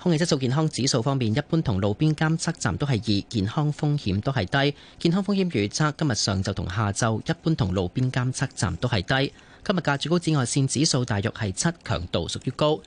空氣質素健康指數方面，一般同路邊監測站都係二，健康風險都係低。健康風險預測今日上晝同下晝，一般同路邊監測站都係低。今日嘅最高紫外綫指數大約係七，強度屬於高。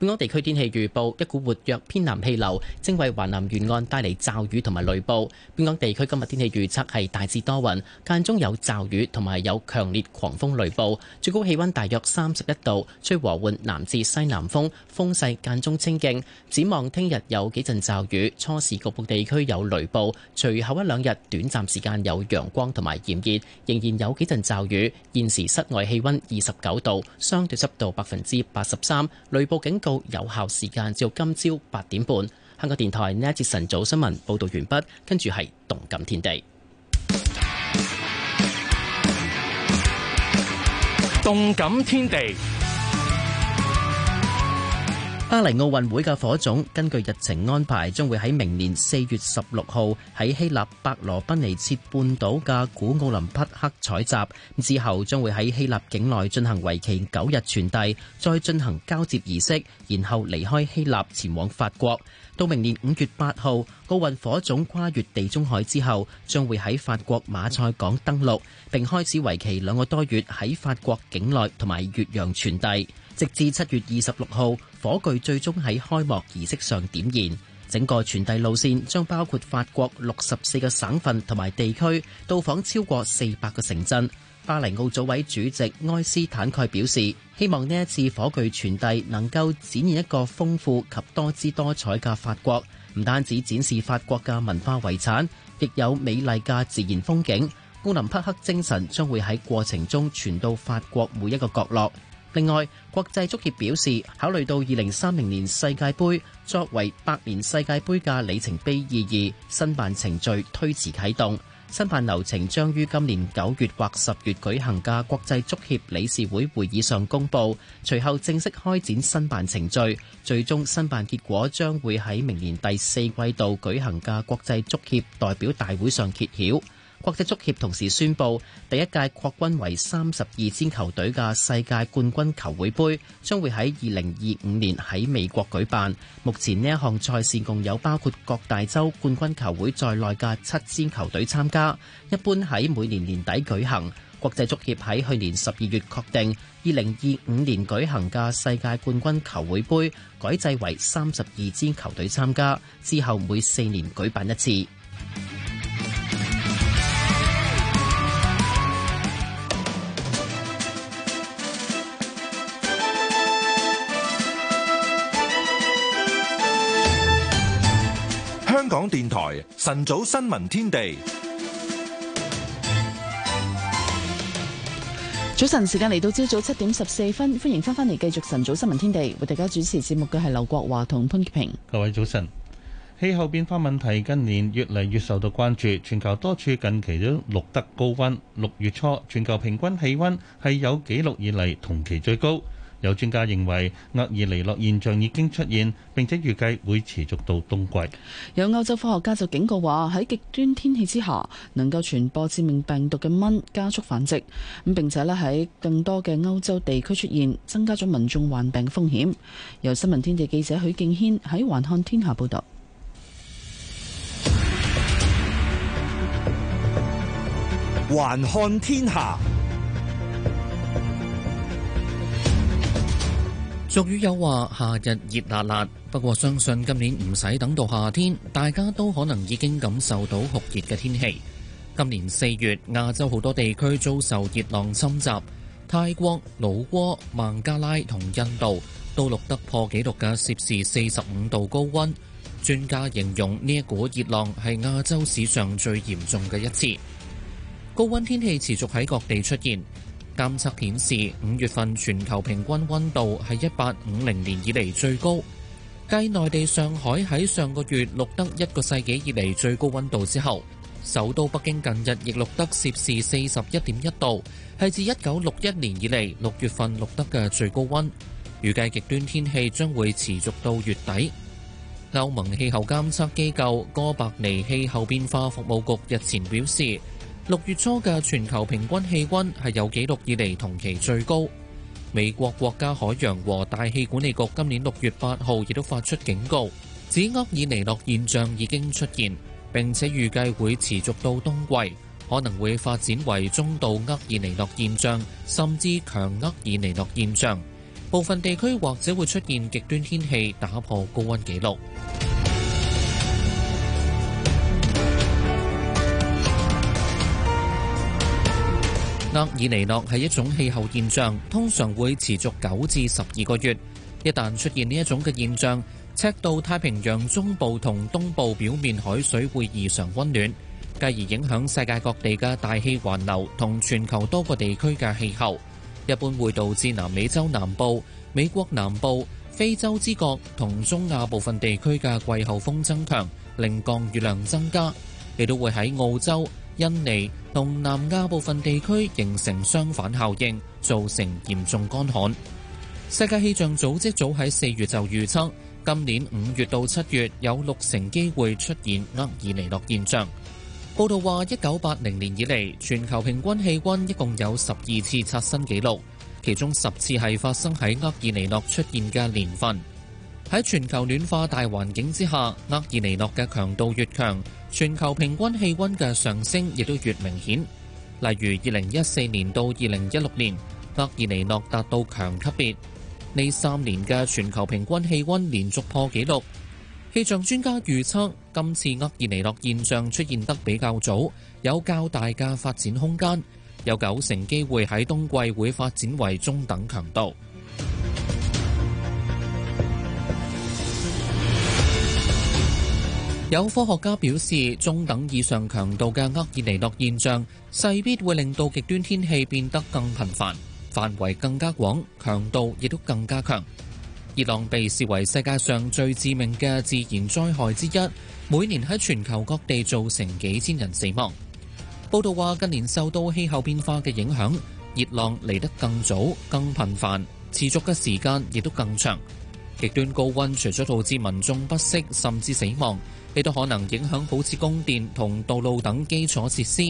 本港地區天氣預報：一股活躍偏南氣流正為華南沿岸帶嚟驟雨同埋雷暴。本港地區今日天氣預測係大致多雲，間中有驟雨同埋有強烈狂風雷暴。最高氣温大約三十一度，吹和緩南至西南風，風勢間中清勁。展望聽日有幾陣驟雨，初時局部地區有雷暴，隨後一兩日短暫時間有陽光同埋炎熱，仍然有幾陣驟雨。現時室外氣温二十九度，相對濕度百分之八十三，雷暴警告。有效時間照今朝八點半。香港電台呢一節晨早新聞報道完畢，跟住係動感天地。動感天地。巴黎奧運會嘅火種根據日程安排，將會喺明年四月十六號喺希臘伯羅奔尼撒半島嘅古奧林匹克採集，之後將會喺希臘境內進行為期九日傳遞，再進行交接儀式，然後離開希臘前往法國，到明年五月八號奧運火種跨越地中海之後將會喺法國馬賽港登陸，並開始為期兩個多月喺法國境內同埋越洋傳遞。直至七月二十六號，火炬最終喺開幕儀式上點燃。整個傳遞路線將包括法國六十四個省份同埋地區，到訪超過四百個城鎮。巴黎奧組委主席埃斯坦蓋表示，希望呢一次火炬傳遞能夠展現一個豐富及多姿多彩嘅法國，唔單止展示法國嘅文化遺產，亦有美麗嘅自然風景。奧林匹克精神將會喺過程中傳到法國每一個角落。另外，國際足協表示，考慮到二零三零年世界盃作為百年世界盃嘅里程碑意義，申辦程序推遲啟動。申辦流程將於今年九月或十月舉行嘅國際足協理事會會議上公佈，隨後正式開展申辦程序。最終申辦結果將會喺明年第四季度舉行嘅國際足協代表大會上揭曉。國際足協同時宣布，第一屆擴軍為三十二支球隊嘅世界冠軍球會杯將會喺二零二五年喺美國舉辦。目前呢一項賽事共有包括各大洲冠軍球會在內嘅七支球隊參加，一般喺每年年底舉行。國際足協喺去年十二月確定，二零二五年舉行嘅世界冠軍球會杯改制為三十二支球隊參加，之後每四年舉辦一次。香港電台晨早新聞天地，早晨時間嚟到朝早七點十四分，歡迎翻返嚟繼續晨早新聞天地，為大家主持節目嘅係劉國華同潘潔平。各位早晨，氣候變化問題近年越嚟越受到關注，全球多處近期都錄得高温。六月初，全球平均氣溫係有紀錄以嚟同期最高。有專家認為，厄爾尼諾現象已經出現，並且預計會持續到冬季。有歐洲科學家就警告話，喺極端天氣之下，能夠傳播致命病毒嘅蚊加速繁殖，咁並且咧喺更多嘅歐洲地區出現，增加咗民眾患病風險。由新聞天地記者許敬軒喺環看天下報導。環看天下。報俗語有話，夏日熱辣辣，不過相信今年唔使等到夏天，大家都可能已經感受到酷熱嘅天氣。今年四月，亞洲好多地區遭受熱浪侵襲，泰國、老撾、孟加拉同印度都錄得破紀錄嘅攝氏四十五度高溫。專家形容呢一股熱浪係亞洲史上最嚴重嘅一次。高溫天氣持續喺各地出現。監測顯示，五月份全球平均溫度係一八五零年以嚟最高。繼內地上海喺上個月錄得一個世紀以嚟最高溫度之後，首都北京近日亦錄得攝氏四十一點一度，係自一九六一年以嚟六月份錄得嘅最高溫。預計極端天氣將會持續到月底。歐盟氣候監測機構哥白尼氣候變化服務局日前表示。六月初嘅全球平均氣溫係有紀錄以嚟同期最高。美國國家海洋和大氣管理局今年六月八號亦都發出警告，指厄爾尼諾現象已經出現，並且預計會持續到冬季，可能會發展為中度厄爾尼諾現象，甚至強厄爾尼諾現象。部分地區或者會出現極端天氣，打破高溫紀錄。厄爾尼諾係一種氣候現象，通常會持續九至十二個月。一旦出現呢一種嘅現象，赤道太平洋中部同東部表面海水會異常溫暖，繼而影響世界各地嘅大氣環流同全球多個地區嘅氣候。一般會導致南美洲南部、美國南部、非洲之角同中亞部分地區嘅季候風增強，令降雨量增加，亦都會喺澳洲、印尼同南亞部分地區形成相反效應，造成嚴重乾旱。世界氣象組織早喺四月就預測，今年五月到七月有六成機會出現厄爾尼諾現象。報道話，一九八零年以嚟，全球平均氣温一共有十二次刷新紀錄，其中十次係發生喺厄爾尼諾出現嘅年份。喺全球暖化大環境之下，厄爾尼諾嘅強度越強，全球平均氣温嘅上升亦都越明顯。例如，二零一四年到二零一六年，厄爾尼諾達到強級別，呢三年嘅全球平均氣温連續破紀錄。氣象專家預測，今次厄爾尼諾現象出現得比較早，有較大嘅發展空間，有九成機會喺冬季會發展為中等強度。有科學家表示，中等以上強度嘅厄爾尼諾現象，勢必會令到極端天氣變得更頻繁、範圍更加廣、強度亦都更加強。熱浪被視為世界上最致命嘅自然災害之一，每年喺全球各地造成幾千人死亡。報道話，近年受到氣候變化嘅影響，熱浪嚟得更早、更頻繁，持續嘅時間亦都更長。極端高温除咗導致民眾不適甚至死亡，亦都可能影響好似供電同道路等基礎設施。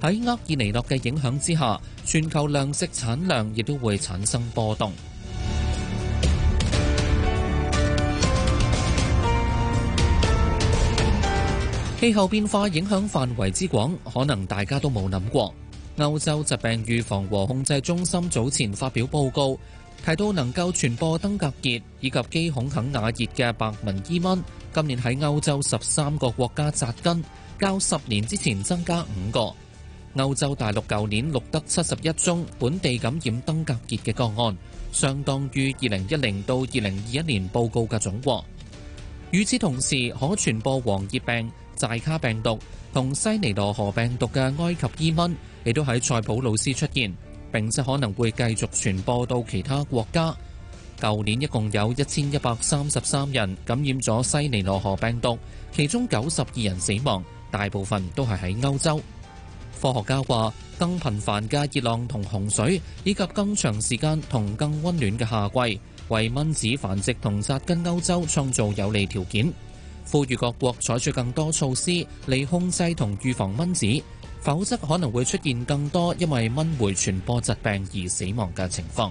喺厄爾尼諾嘅影響之下，全球糧食產量亦都會產生波動。 氣候變化影響範圍之廣，可能大家都冇諗過。歐洲疾病預防和控制中心早前發表報告。提到能夠傳播登革熱以及基孔肯雅熱嘅白紋伊蚊，今年喺歐洲十三個國家扎根，較十年之前增加五個。歐洲大陸舊年錄得七十一宗本地感染登革熱嘅個案，相當於二零一零到二零二一年報告嘅總和。與此同時，可傳播黃熱病、寨卡病毒同西尼羅河病毒嘅埃及伊蚊，亦都喺塞浦路斯出現。並且可能會繼續傳播到其他國家。舊年一共有一千一百三十三人感染咗西尼羅河病毒，其中九十二人死亡，大部分都係喺歐洲。科學家話，更頻繁嘅熱浪同洪水，以及更長時間同更温暖嘅夏季，為蚊子繁殖同扎根歐洲創造有利條件。呼籲各國採取更多措施嚟控制同預防蚊子。否則可能會出現更多因為蚊媒傳播疾病而死亡嘅情況。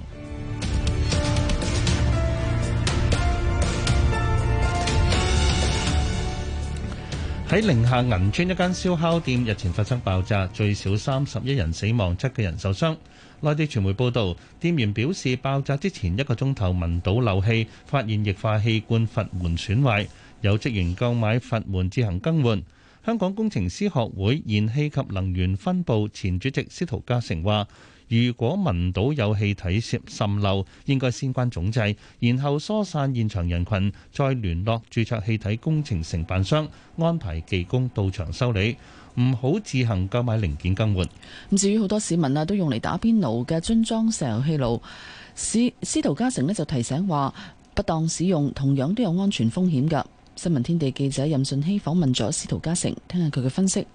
喺寧夏銀川一間燒烤店，日前發生爆炸，最少三十一人死亡，七個人受傷。內地傳媒報道，店員表示爆炸之前一個鐘頭聞到漏氣，發現液化氣罐閥門損壞，有職員購買閥門自行更換。香港工程師學會燃氣及能源分部前主席司徒嘉成話：如果聞到有氣體滲滲漏，應該先關總掣，然後疏散現場人群，再聯絡註冊氣體工程承辦商安排技工到場修理，唔好自行購買零件更換。至於好多市民啊，都用嚟打邊爐嘅樽裝石油氣爐，司，司徒嘉成呢就提醒話：不當使用同樣都有安全風險㗎。新聞天地記者任順希訪問咗司徒嘉誠，聽下佢嘅分析。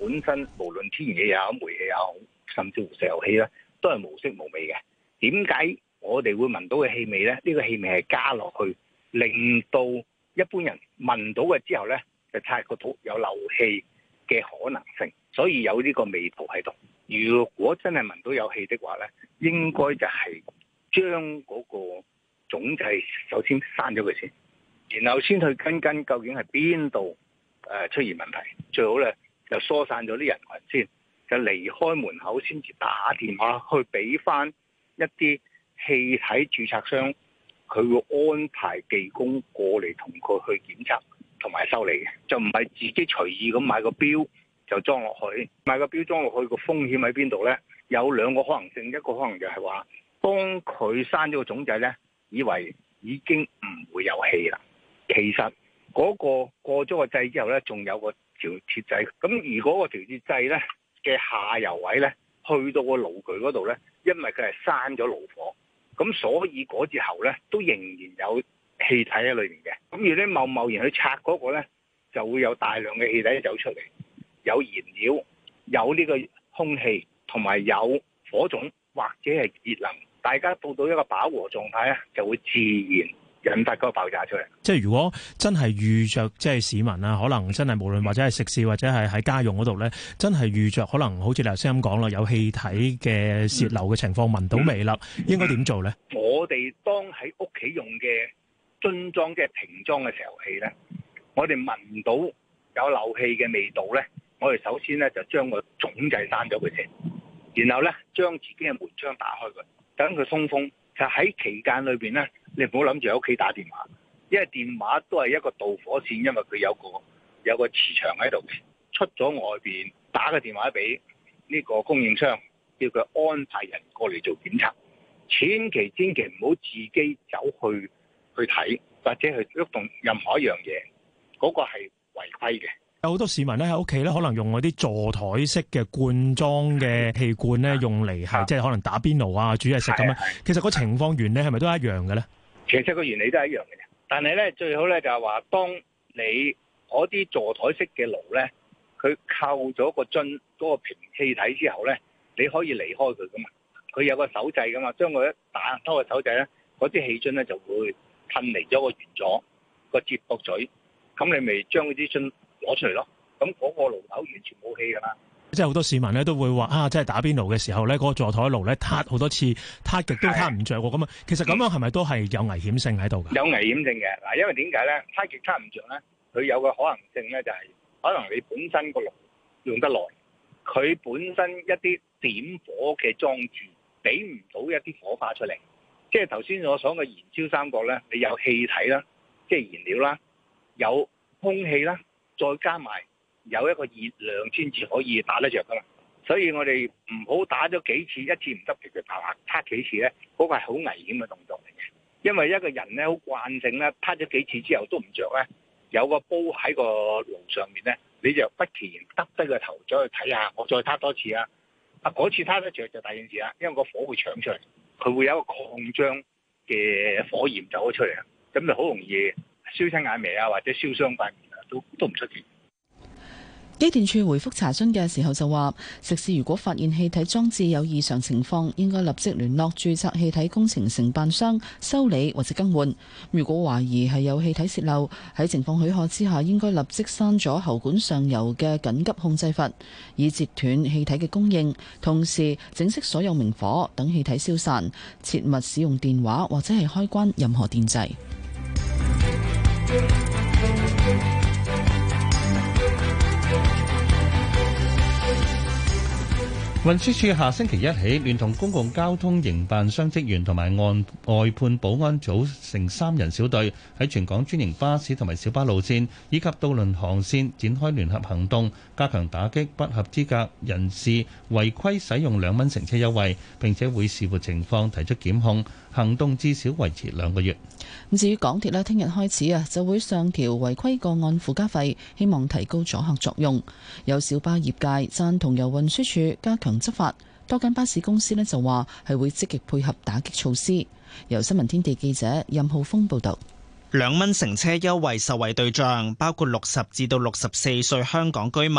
本身無論天然氣啊、煤氣好，甚至乎石油氣咧，都係無色無味嘅。點解我哋會聞到嘅氣味咧？呢個氣味係加落去，令到一般人聞到嘅之後咧，就察覺到有漏氣嘅可能性。所以有呢個味道喺度。如果真係聞到有氣的話咧，應該就係將嗰個總掣，首先刪咗佢先。然後先去跟跟，究竟係邊度誒出現問題？最好咧就疏散咗啲人群先，就離開門口先，至打電話去俾翻一啲氣體註冊商，佢會安排技工過嚟同佢去檢測同埋修理嘅，就唔係自己隨意咁買個標就裝落去。買個標裝落去個風險喺邊度呢？有兩個可能性，一個可能就係話當佢刪咗個總掣呢，以為已經唔會有氣啦。其實嗰個過咗個掣之後呢，仲有個調節掣。咁如果個調節掣呢嘅下游位呢，去到個爐具嗰度呢，因為佢係閂咗爐火，咁所以嗰節喉呢都仍然有氣體喺裏面嘅。咁要咧貿貿然去拆嗰個呢，就會有大量嘅氣體走出嚟，有燃料，有呢個空氣同埋有火種或者係熱能，大家到到一個飽和狀態呢，就會自然，引發嗰個爆炸出嚟，即係如果真係遇着，即係市民啊，可能真係無論或者係食肆，或者係喺家用嗰度咧，嗯、真係遇着可能好似你頭先咁講啦，有氣體嘅泄漏嘅情況聞，聞到味啦，應該點做咧，嗯。我哋當喺屋企用嘅樽裝即係瓶裝嘅石油氣咧，我哋聞到有漏氣嘅味道咧，我哋首先咧就將個總掣閂咗佢先，然後咧將自己嘅門窗打開佢，等佢通風。就喺期間裏邊咧，你唔好諗住喺屋企打電話，因為電話都係一個導火線，因為佢有個有個磁場喺度嘅。出咗外邊打個電話俾呢個供應商，叫佢安排人過嚟做檢測。千祈千祈唔好自己走去去睇，或者去喐動任何一樣嘢，嗰個係違規嘅。有好多市民咧喺屋企咧，可能用嗰啲座台式嘅罐裝嘅氣罐咧，用嚟係即係可能打邊爐啊、煮嘢食咁樣。的其實個情況原理係咪都係一樣嘅咧？其實個原理都係一樣嘅，但係咧最好咧就係話，當你嗰啲座台式嘅爐咧，佢扣咗個樽嗰個瓶氣、那個、體之後咧，你可以離開佢噶嘛？佢有個手掣噶嘛？將佢一打開個手掣咧，嗰啲氣樽咧就會褪離咗個圓狀、那個接駁嘴，咁你咪將嗰啲樽。攞出嚟咯，咁嗰個爐頭完全冇氣噶啦。即係好多市民咧都會話啊，即係打邊爐嘅時候咧，嗰座台爐咧撻好多次 Right.，撻極都撻唔着喎咁啊。其實咁樣係咪都係有危險性喺度嘅？有危險性嘅嗱，因為點解咧？撻極撻唔着咧，佢有個可能性咧，就係可能你本身個爐用得耐，佢本身一啲點火嘅裝置俾唔到一啲火花出嚟，即係頭先我講嘅燃燒三角咧，你有氣體啦，即係燃料啦，有空氣啦。再加埋有一個熱量先至可以打得着噶嘛，所以我哋唔好打咗幾次，一次唔得，俾佢啪啪啪撻幾次咧，嗰、那個係好危險嘅動作嚟嘅。因為一個人咧好慣性咧，撻咗幾次之後都唔着咧，有個煲喺個爐上面咧，你就不期然耷低個頭再去睇下，我再撻多次啊！啊，嗰次撻得着就大件事啦，因為個火會搶出嚟，佢會有一個擴張嘅火焰走咗出嚟啊，咁就好容易燒親眼眉啊，或者燒傷塊面。都唔出奇。機電處回覆查詢嘅時候就話：食肆如果發現氣體裝置有異常情況，應該立即聯絡註冊氣體工程承辦商修理或者更換。如果懷疑係有氣體泄漏，喺情況許可之下，應該立即關咗喉管上游嘅緊急控制閥，以截斷氣體嘅供應，同時整熄所有明火，等氣體消散，切勿使用電話或者係開關任何電掣。 運輸署下星期一起，聯同公共交通營辦商職員同埋案外判保安組成三人小隊，喺全港專營巴士同埋小巴路線以及渡輪航線展開聯合行動，加強打擊不合資格人士違規使用兩蚊乘車優惠，並且會視乎情況提出檢控。行動至少維持兩個月。至於港鐵呢，聽日開始啊，就會上調違規個案附加費，希望提高阻嚇作用。有小巴業界贊同由運輸署加強執法，多間巴士公司呢就話係會積極配合打擊措施。由新聞天地記者任浩峰報道。兩蚊乘車優惠受惠對象包括六十至到六十四歲香港居民，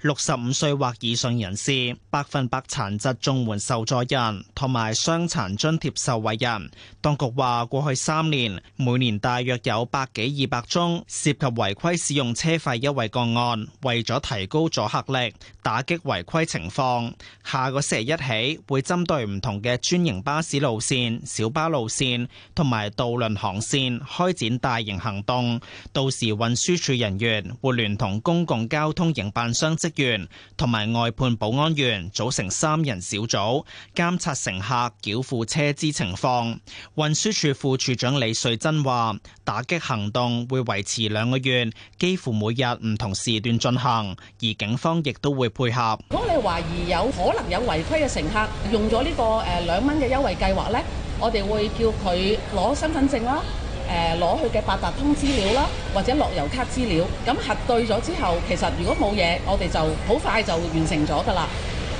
六十五歲或以上人士、百分百殘疾綜援受助人同埋傷殘津貼受惠人。當局話過去三年每年大約有百幾二百宗涉及違規使用車費優惠個案。為咗提高阻嚇力，打擊違規情況，下個星期一起會針對唔同嘅專營巴士路綫，小巴路綫同埋渡輪航綫開展，大型行動，到時運輸處人員會聯同公共交通營辦商職員同埋外判保安員組成三人小組，監察乘客繳付車資情況。運輸處副處長李瑞珍話：打擊行動會維持兩個月，幾乎每日唔同時段進行，而警方亦都會配合。如果你懷疑有可能有違規嘅乘客用咗呢個誒兩蚊嘅優惠計劃呢，我哋會叫佢攞身份證啦。誒攞、呃、去嘅八達通資料啦，或者樂悠卡資料，咁核對咗之後，其實如果冇嘢，我哋就好快就完成咗㗎啦。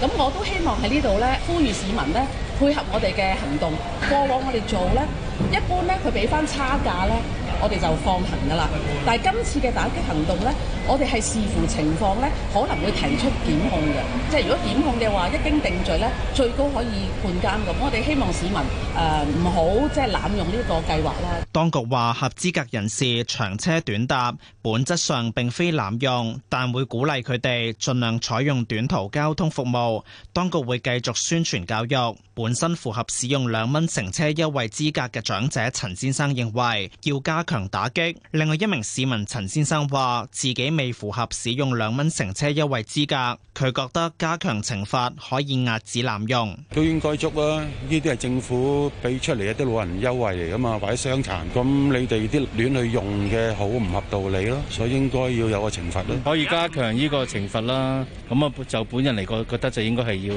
咁我都希望喺呢度呢，呼籲市民呢。配合我哋嘅行動，過往我哋做咧，一般咧佢俾翻差價咧，我哋就放行噶啦。但係今次嘅打擊行動咧，我哋係視乎情況咧，可能會提出檢控嘅。即係如果檢控嘅話，一經定罪咧，最高可以判監。咁我哋希望市民誒唔好即係濫用呢個計劃啦。當局話，合資格人士長車短搭，本質上並非濫用，但會鼓勵佢哋盡量採用短途交通服務。當局會繼續宣傳教育本。本身符合使用兩蚊乘車優惠資格嘅長者陳先生認為要加強打擊。另外一名市民陳先生話，自己未符合使用兩蚊乘車優惠資格，佢覺得加強懲罰可以遏止濫用。都應該捉啊！呢啲係政府俾出嚟一啲老人優惠嚟噶嘛，或者傷殘咁，你哋啲亂去用嘅好唔合道理咯，所以應該要有個懲罰啦。可以加強呢個懲罰啦。咁啊，就本人嚟講覺得就應該係要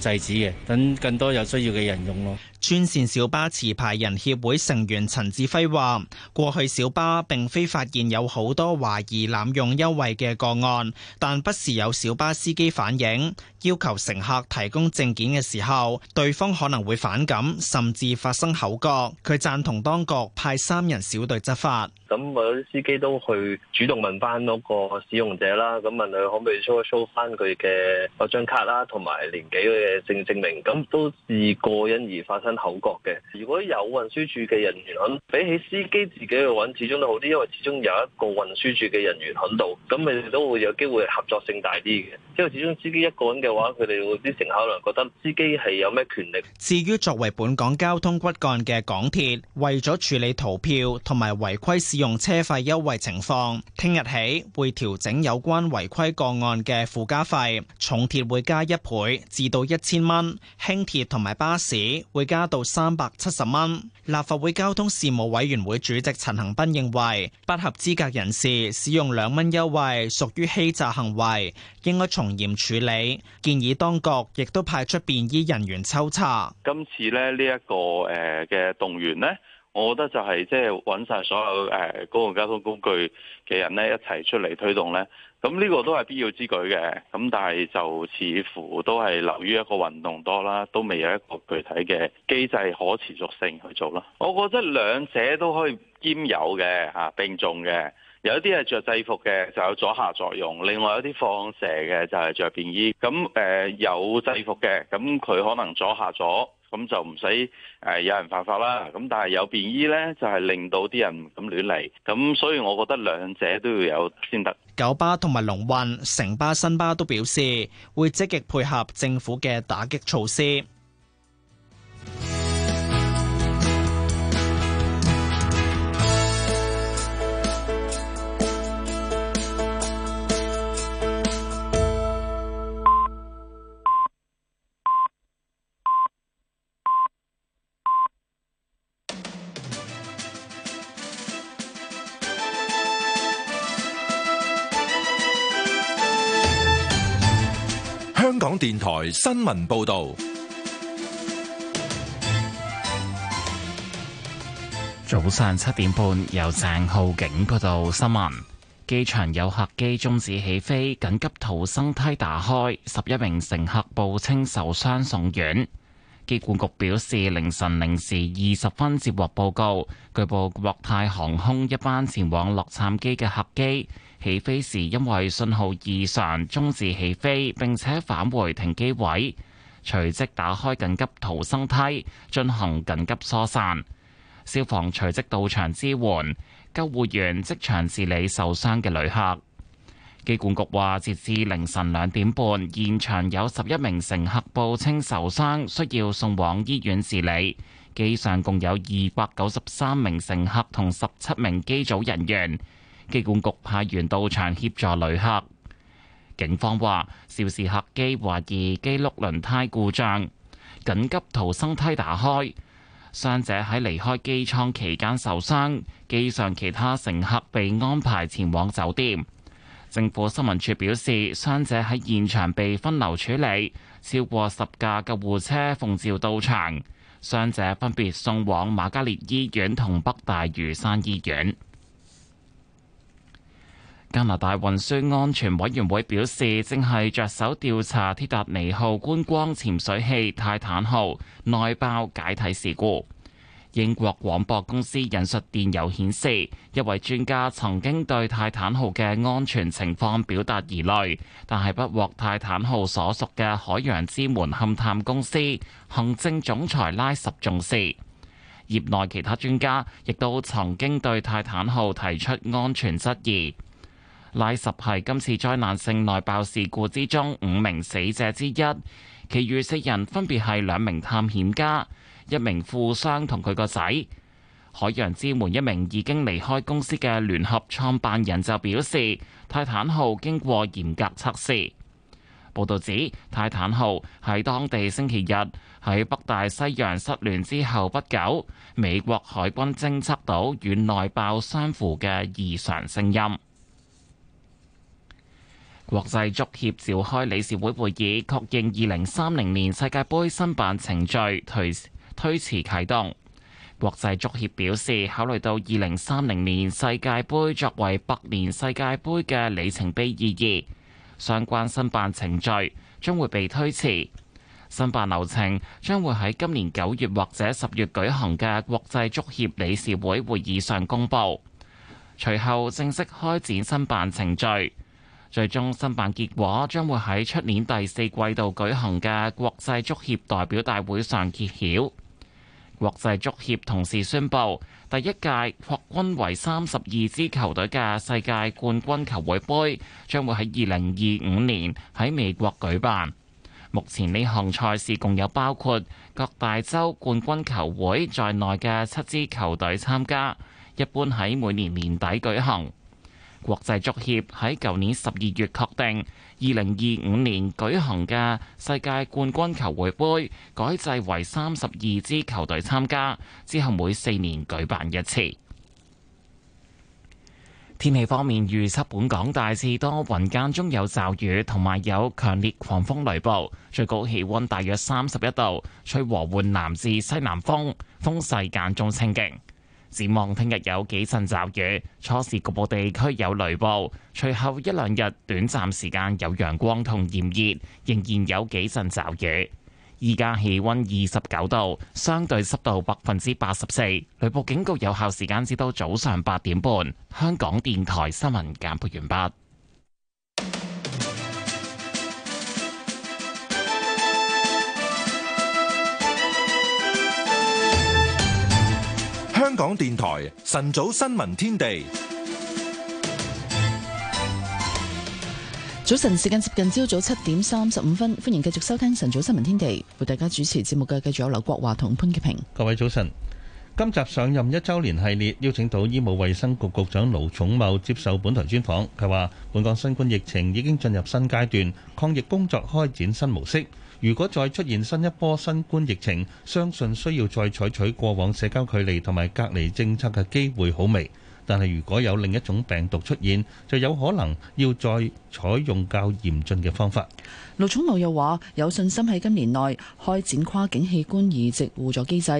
誒制止嘅，等更多人。有需要嘅人用咯。專線小巴持牌人協會成員陳志輝話，過去小巴並非發現有好多懷疑濫用優惠嘅個案，但不時有小巴司機反映，要求乘客提供證件嘅時候，對方可能會反感，甚至發生口角。佢贊同當局派三人小隊執法。咁我啲司機都去主動問翻嗰個使用者啦，咁問佢可唔可以 show show 翻佢嘅嗰張卡啦，同埋年紀嘅證證明，咁都試過因而發生。口角嘅，如果有運輸處嘅人員，比起司機自己去揾，始終都好啲，因為始終有一個運輸處嘅人員響度，咁佢哋都會有機會合作性大啲嘅。因為始終司機一個人嘅話，佢哋啲乘客可能覺得司機係有咩權力。至於作為本港交通骨幹嘅港鐵，為咗處理逃票同埋違規使用車費優惠情況，聽日起會調整有關違規個案嘅附加費，重鐵會加一倍至到一千蚊，輕鐵同埋巴士會加。加到三百七十蚊。立法會交通事務委員會主席陳恆鑌認為，不合資格人士使用兩蚊優惠，屬於欺詐行為，應該從嚴處理。建議當局亦都派出便衣人員抽查。今次呢呢一個、這個誒嘅、呃、動員呢。我覺得就係即係揾晒所有誒公共交通工具嘅人咧一齊出嚟推動咧，咁呢個都係必要之舉嘅。咁但係就似乎都係流於一個運動多啦，都未有一個具體嘅機制可持續性去做啦。我覺得兩者都可以兼有嘅嚇並重嘅，有啲係着制服嘅就有阻下作用，另外有啲放蛇嘅就係着便衣。咁誒有制服嘅，咁佢可能阻下咗。咁就唔使誒有人犯法啦，咁但係有便衣咧，就係令到啲人咁亂嚟，咁所以我覺得兩者都要有先得。九巴同埋龍運、城巴、新巴都表示會積極配合政府嘅打擊措施。台新聞報道，早上七點半由鄭浩景報道新聞。機場有客機終止起飛，緊急逃生梯打開，十一名乘客報稱受傷送院。機管局表示，凌晨零時二十分接獲報告，據報國泰航空一班前往洛杉磯嘅客機。起飛時因為信號異常終止起飛，並且返回停機位，隨即打開緊急逃生梯進行緊急疏散。消防隨即到場支援，救護員即場治理受傷嘅旅客。機管局話：截至凌晨兩點半，現場有十一名乘客報稱受傷，需要送往醫院治理。機上共有二百九十三名乘客同十七名機組人員。機管局派員到場協助旅客。警方話，肇事客機懷疑機轆輪胎故障，緊急逃生梯打開。傷者喺離開機艙期間受傷，機上其他乘客被安排前往酒店。政府新聞處表示，傷者喺現場被分流處理，超過十架救護車奉召到場，傷者分別送往瑪嘉烈醫院同北大嶼山醫院。加拿大運輸安全委員會表示，正係着手調查鐵達尼號觀光潛水器泰坦號內爆解體事故。英國廣播公司引述電郵顯示，一位專家曾經對泰坦號嘅安全情況表達疑慮，但係不獲泰坦號所屬嘅海洋之門勘探公司行政總裁拉什重視。業內其他專家亦都曾經對泰坦號提出安全質疑。拉什係今次災難性內爆事故之中五名死者之一，其餘四人分別係兩名探險家、一名富商同佢個仔。海洋之門一名已經離開公司嘅聯合創辦人就表示，泰坦號經過嚴格測試。報道指，泰坦號喺當地星期日喺北大西洋失聯之後不久，美國海軍偵測到與內爆相符嘅異常聲音。國際足協召開理事會會議，確認二零三零年世界盃申辦程序推推遲啟動。國際足協表示，考慮到二零三零年世界盃作為百年世界盃嘅里程碑意義，相關申辦程序將會被推遲。申辦流程將會喺今年九月或者十月舉行嘅國際足協理事會會議上公佈，隨後正式開展申辦程序。最終申辦結果將會喺出年第四季度舉行嘅國際足協代表大會上揭曉。國際足協同時宣布，第一屆擴軍為三十二支球隊嘅世界冠軍球會杯將會喺二零二五年喺美國舉辦。目前呢項賽事共有包括各大洲冠軍球會在內嘅七支球隊參加，一般喺每年年底舉行。國際足協喺舊年十二月確定，二零二五年舉行嘅世界冠軍球會杯改制為三十二支球隊參加，之後每四年舉辦一次。天氣方面，預測本港大致多雲間中有驟雨，同埋有強烈狂風雷暴，最高氣温大約三十一度，吹和緩南至西南風，風勢間中清勁。展望聽日有幾陣驟雨，初時局部地區有雷暴，隨後一兩日短暫時間有陽光同炎熱，仍然有幾陣驟雨。依家氣温二十九度，相對濕度百分之八十四，雷暴警告有效時間至到早上八點半。香港電台新聞簡報完畢。香港電台晨早新聞天地，早晨時間接近朝早七點三十五分，歡迎繼續收聽晨早新聞天地，為大家主持節目嘅繼續有劉國華同潘潔平。各位早晨，今集上任一周年系列，邀請到醫務衛生局局長盧寵茂接受本台專訪。佢話，本港新冠疫情已經進入新階段，抗疫工作開展新模式。如果再出現新一波新冠疫情，相信需要再採取過往社交距離同埋隔離政策嘅機會好微。但係，如果有另一種病毒出現，就有可能要再採用較嚴峻嘅方法。盧寵茂又話：有信心喺今年內開展跨境器官移植互助機制。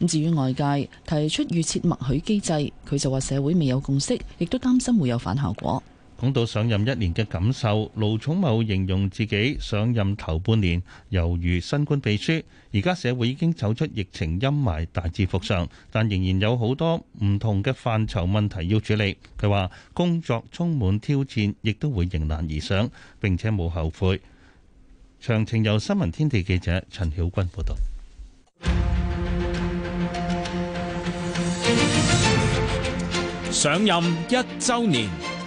咁至於外界提出預設默許機制，佢就話社會未有共識，亦都擔心會有反效果。講到上任一年嘅感受，盧寵茂形容自己上任頭半年猶如新冠秘書，而家社會已經走出疫情陰霾，大致復常，但仍然有好多唔同嘅範疇問題要處理。佢話工作充滿挑戰，亦都會迎難而上，並且冇後悔。詳情由新聞天地記者陳曉君報道。上任一週年。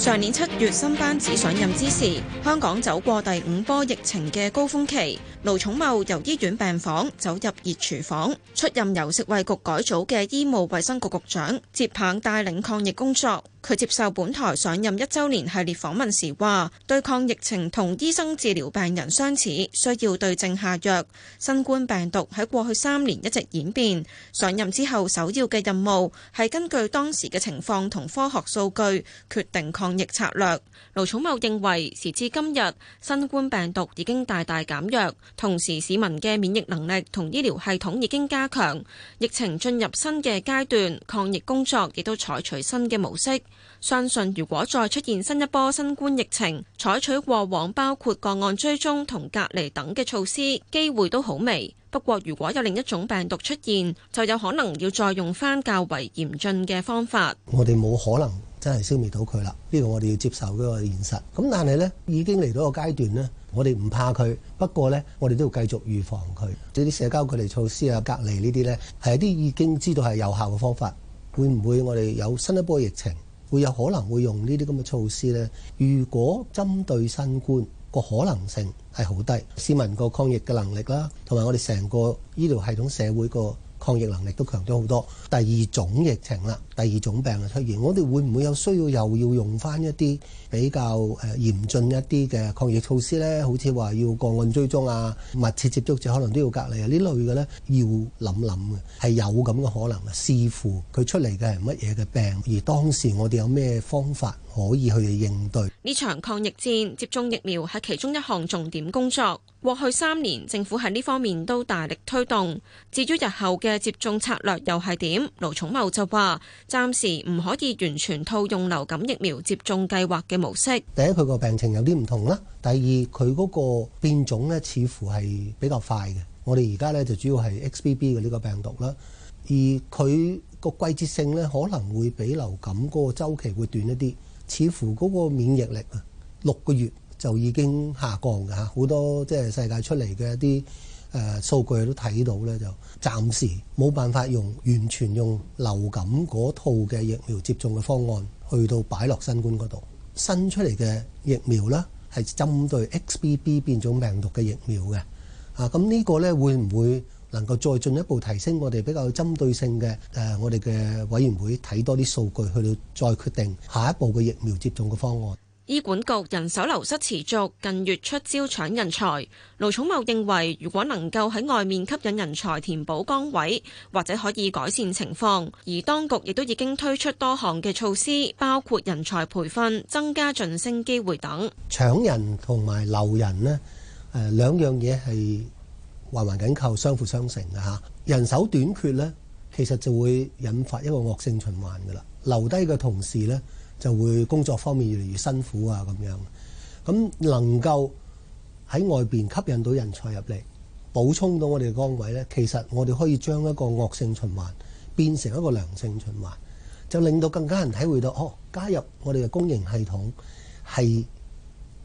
上年七月新班子上任之時，香港走過第五波疫情嘅高峰期，盧寵茂由醫院病房走入熱廚房，出任由食衛局改組嘅醫務衛生局局長，接棒帶領抗疫工作。佢接受本台上任一周年系列訪問時話，對抗疫情同醫生治療病人相似，需要對症下藥。新冠病毒喺過去三年一直演變，上任之後首要嘅任務係根據當時嘅情況同科學數據決定抗疫策略。盧寵茂認為，時至今日，新冠病毒已經大大減弱，同時市民嘅免疫能力同醫療系統已經加強，疫情進入新嘅階段，抗疫工作亦都採取新嘅模式。相信如果再出現新一波新冠疫情，採取過往包括個案追蹤同隔離等嘅措施，機會都好微。不過如果有另一種病毒出現，就有可能要再用翻較為嚴峻嘅方法。我哋冇可能真係消滅到佢啦，呢個我哋要接受一個現實。咁但係呢，已經嚟到個階段呢，我哋唔怕佢，不過呢，我哋都要繼續預防佢。即啲社交距離措施啊、隔離呢啲呢，係一啲已經知道係有效嘅方法。會唔會我哋有新一波疫情？會有可能會用呢啲咁嘅措施呢？如果針對新冠個可能性係好低，市民個抗疫嘅能力啦，同埋我哋成個醫療系統社會個抗疫能力都強咗好多。第二種疫情啦。第二種病嘅出現，我哋會唔會有需要又要用翻一啲比較誒嚴峻一啲嘅抗疫措施呢？好似話要個案追蹤啊，密切接觸者可能都要隔離啊，呢類嘅呢，要諗諗嘅，係有咁嘅可能，視乎佢出嚟嘅係乜嘢嘅病，而當時我哋有咩方法可以去應對？呢場抗疫戰，接種疫苗係其中一項重點工作。過去三年，政府喺呢方面都大力推動。至於日後嘅接種策略又係點？盧寵茂就話。暫時唔可以完全套用流感疫苗接種計劃嘅模式。第一，佢個病情有啲唔同啦；第二，佢嗰個變種咧，似乎係比較快嘅。我哋而家咧就主要係 XBB 嘅呢個病毒啦，而佢個季節性咧可能會比流感嗰個週期會短一啲。似乎嗰個免疫力啊，六個月就已經下降㗎吓，好多即係世界出嚟嘅一啲。誒數據都睇到咧，就暫時冇辦法用完全用流感嗰套嘅疫苗接種嘅方案去到擺落新冠嗰度。新出嚟嘅疫苗呢，係針對 XBB 變種病毒嘅疫苗嘅。啊，咁呢個呢會唔會能夠再進一步提升我哋比較針對性嘅誒？我哋嘅委員會睇多啲數據，去到再決定下一步嘅疫苗接種嘅方案。醫管局人手流失持續，近月出招搶人才。盧寵茂認為，如果能夠喺外面吸引人才填補崗位，或者可以改善情況。而當局亦都已經推出多項嘅措施，包括人才培訓、增加晉升機會等。搶人同埋留人呢，誒兩樣嘢係環環緊扣、相輔相成嘅嚇。人手短缺呢，其實就會引發一個惡性循環㗎啦。留低嘅同事呢。就會工作方面越嚟越辛苦啊咁樣，咁能夠喺外邊吸引到人才入嚟，補充到我哋嘅崗位呢，其實我哋可以將一個惡性循環變成一個良性循環，就令到更加人體會到，哦，加入我哋嘅公營系統係誒、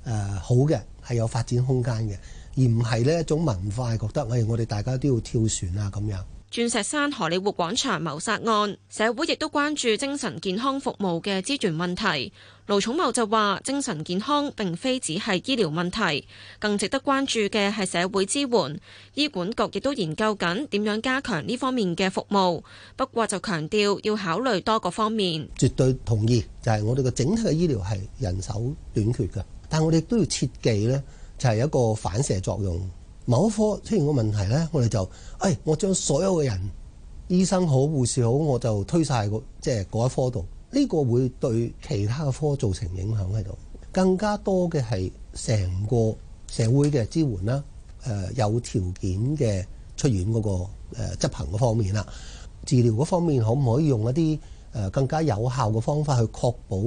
呃、好嘅，係有發展空間嘅，而唔係呢一種文化覺得，喂、哎，我哋大家都要跳船啊咁樣。鑽石山荷里活廣場謀殺案，社會亦都關注精神健康服務嘅資源問題。盧寵茂就話：精神健康並非只係醫療問題，更值得關注嘅係社會支援。醫管局亦都研究緊點樣加強呢方面嘅服務，不過就強調要考慮多個方面。絕對同意，就係、是、我哋嘅整體嘅醫療係人手短缺嘅，但我哋都要設計呢就係一個反射作用。某一科出現個問題呢，我哋就，誒、哎，我將所有嘅人，醫生好，護士好，我就推晒個，即係嗰一科度，呢、這個會對其他嘅科造成影響喺度。更加多嘅係成個社會嘅支援啦，誒、呃，有條件嘅出院嗰、那個誒、呃、執行嗰方面啦，治療嗰方面可唔可以用一啲誒、呃、更加有效嘅方法去確保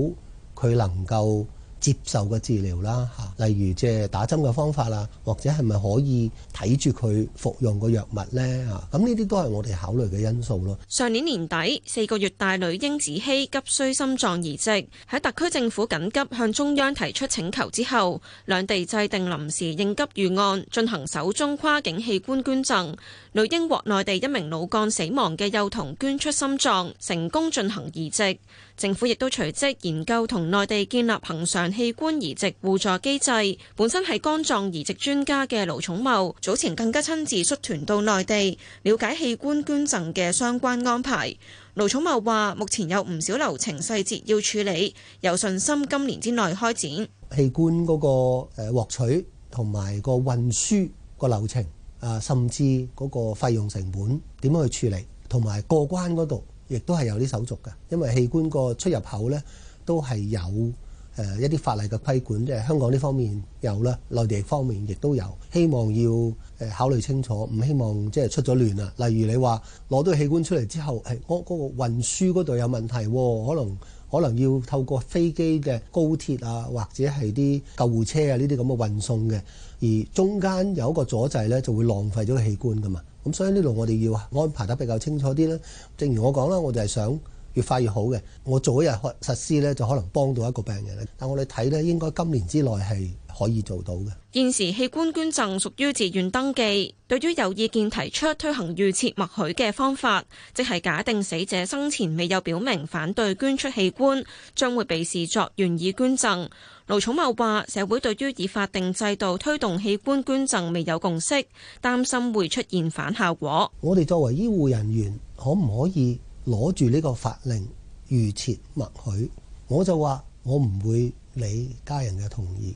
佢能夠接受個治療啦嚇，例如即係打針嘅方法啦，或者係咪可以睇住佢服用個藥物呢？嚇？咁呢啲都係我哋考慮嘅因素咯。上年年底四個月大女嬰子希急需心臟移植，喺特區政府緊急向中央提出請求之後，兩地制定臨時應急預案，進行首宗跨境器官捐贈。女嬰獲內地一名腦幹死亡嘅幼童捐出心臟，成功進行移植。政府亦都隨即研究同內地建立恒常器官移植互助機制。本身係肝臟移植專家嘅盧寵茂，早前更加親自率團到內地了解器官捐贈嘅相關安排。盧寵茂話目前有唔少流程細節要處理，有信心今年之內開展器官嗰個誒獲取同埋個運輸個流程，啊，甚至嗰個費用成本點樣去處理，同埋過關嗰度。亦都係有啲手續嘅，因為器官個出入口呢都係有誒一啲法例嘅規管，即係香港呢方面有啦，內地方面亦都有。希望要誒考慮清楚，唔希望即係出咗亂啊。例如你話攞到器官出嚟之後，係我嗰個運輸嗰度有問題，可能可能要透過飛機嘅高鐵啊，或者係啲救護車啊呢啲咁嘅運送嘅，而中間有一個阻滯呢，就會浪費咗器官噶嘛。咁、嗯、所以呢度我哋要安排得比較清楚啲啦。正如我講啦，我哋係想越快越好嘅。我早一日實施咧，就可能幫到一個病人咧。但我哋睇咧，應該今年之內係可以做到嘅。現時器官捐贈屬於自願登記，對於有意見提出推行預設默許嘅方法，即係假定死者生前未有表明反對捐出器官，將會被視作願意捐贈。盧寵茂話：社會對於以法定制度推動器官捐贈未有共識，擔心會出現反效果。我哋作為醫護人員，可唔可以攞住呢個法令預設默許？我就話我唔會理家人嘅同意。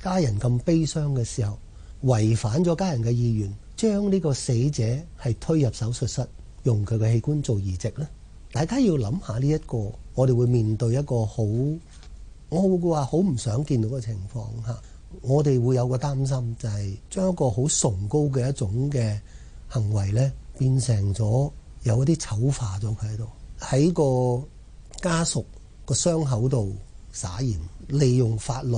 家人咁悲傷嘅時候，違反咗家人嘅意願，將呢個死者係推入手術室，用佢嘅器官做移植咧？大家要諗下呢、這、一個，我哋會面對一個好。我會話好唔想見到個情況嚇，我哋會有個擔心，就係將一個好崇高嘅一種嘅行為咧，變成咗有一啲醜化咗佢喺度，喺個家屬個傷口度撒鹽，利用法律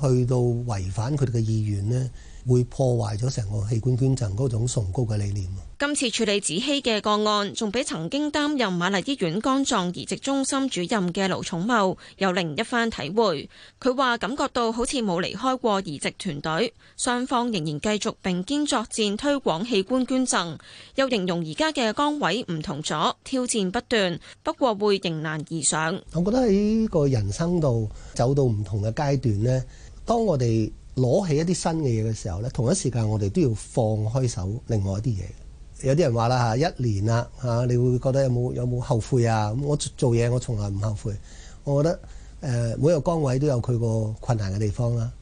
去到違反佢哋嘅意願咧。會破壞咗成個器官捐贈嗰種崇高嘅理念。今次處理子希嘅個案，仲比曾經擔任瑪麗醫院肝臟移植中心主任嘅盧寵茂有另一番體會。佢話：感覺到好似冇離開過移植團隊，雙方仍然繼續並肩作戰，推廣器官捐贈。又形容而家嘅崗位唔同咗，挑戰不斷，不過會迎難而上。我覺得喺呢個人生度走到唔同嘅階段呢，當我哋攞起一啲新嘅嘢嘅時候咧，同一時間我哋都要放開手另外一啲嘢。有啲人話啦嚇，一年啦嚇，你會覺得有冇有冇後悔啊？我做嘢我從來唔後悔。我覺得誒、呃、每一個崗位都有佢個困難嘅地方啦。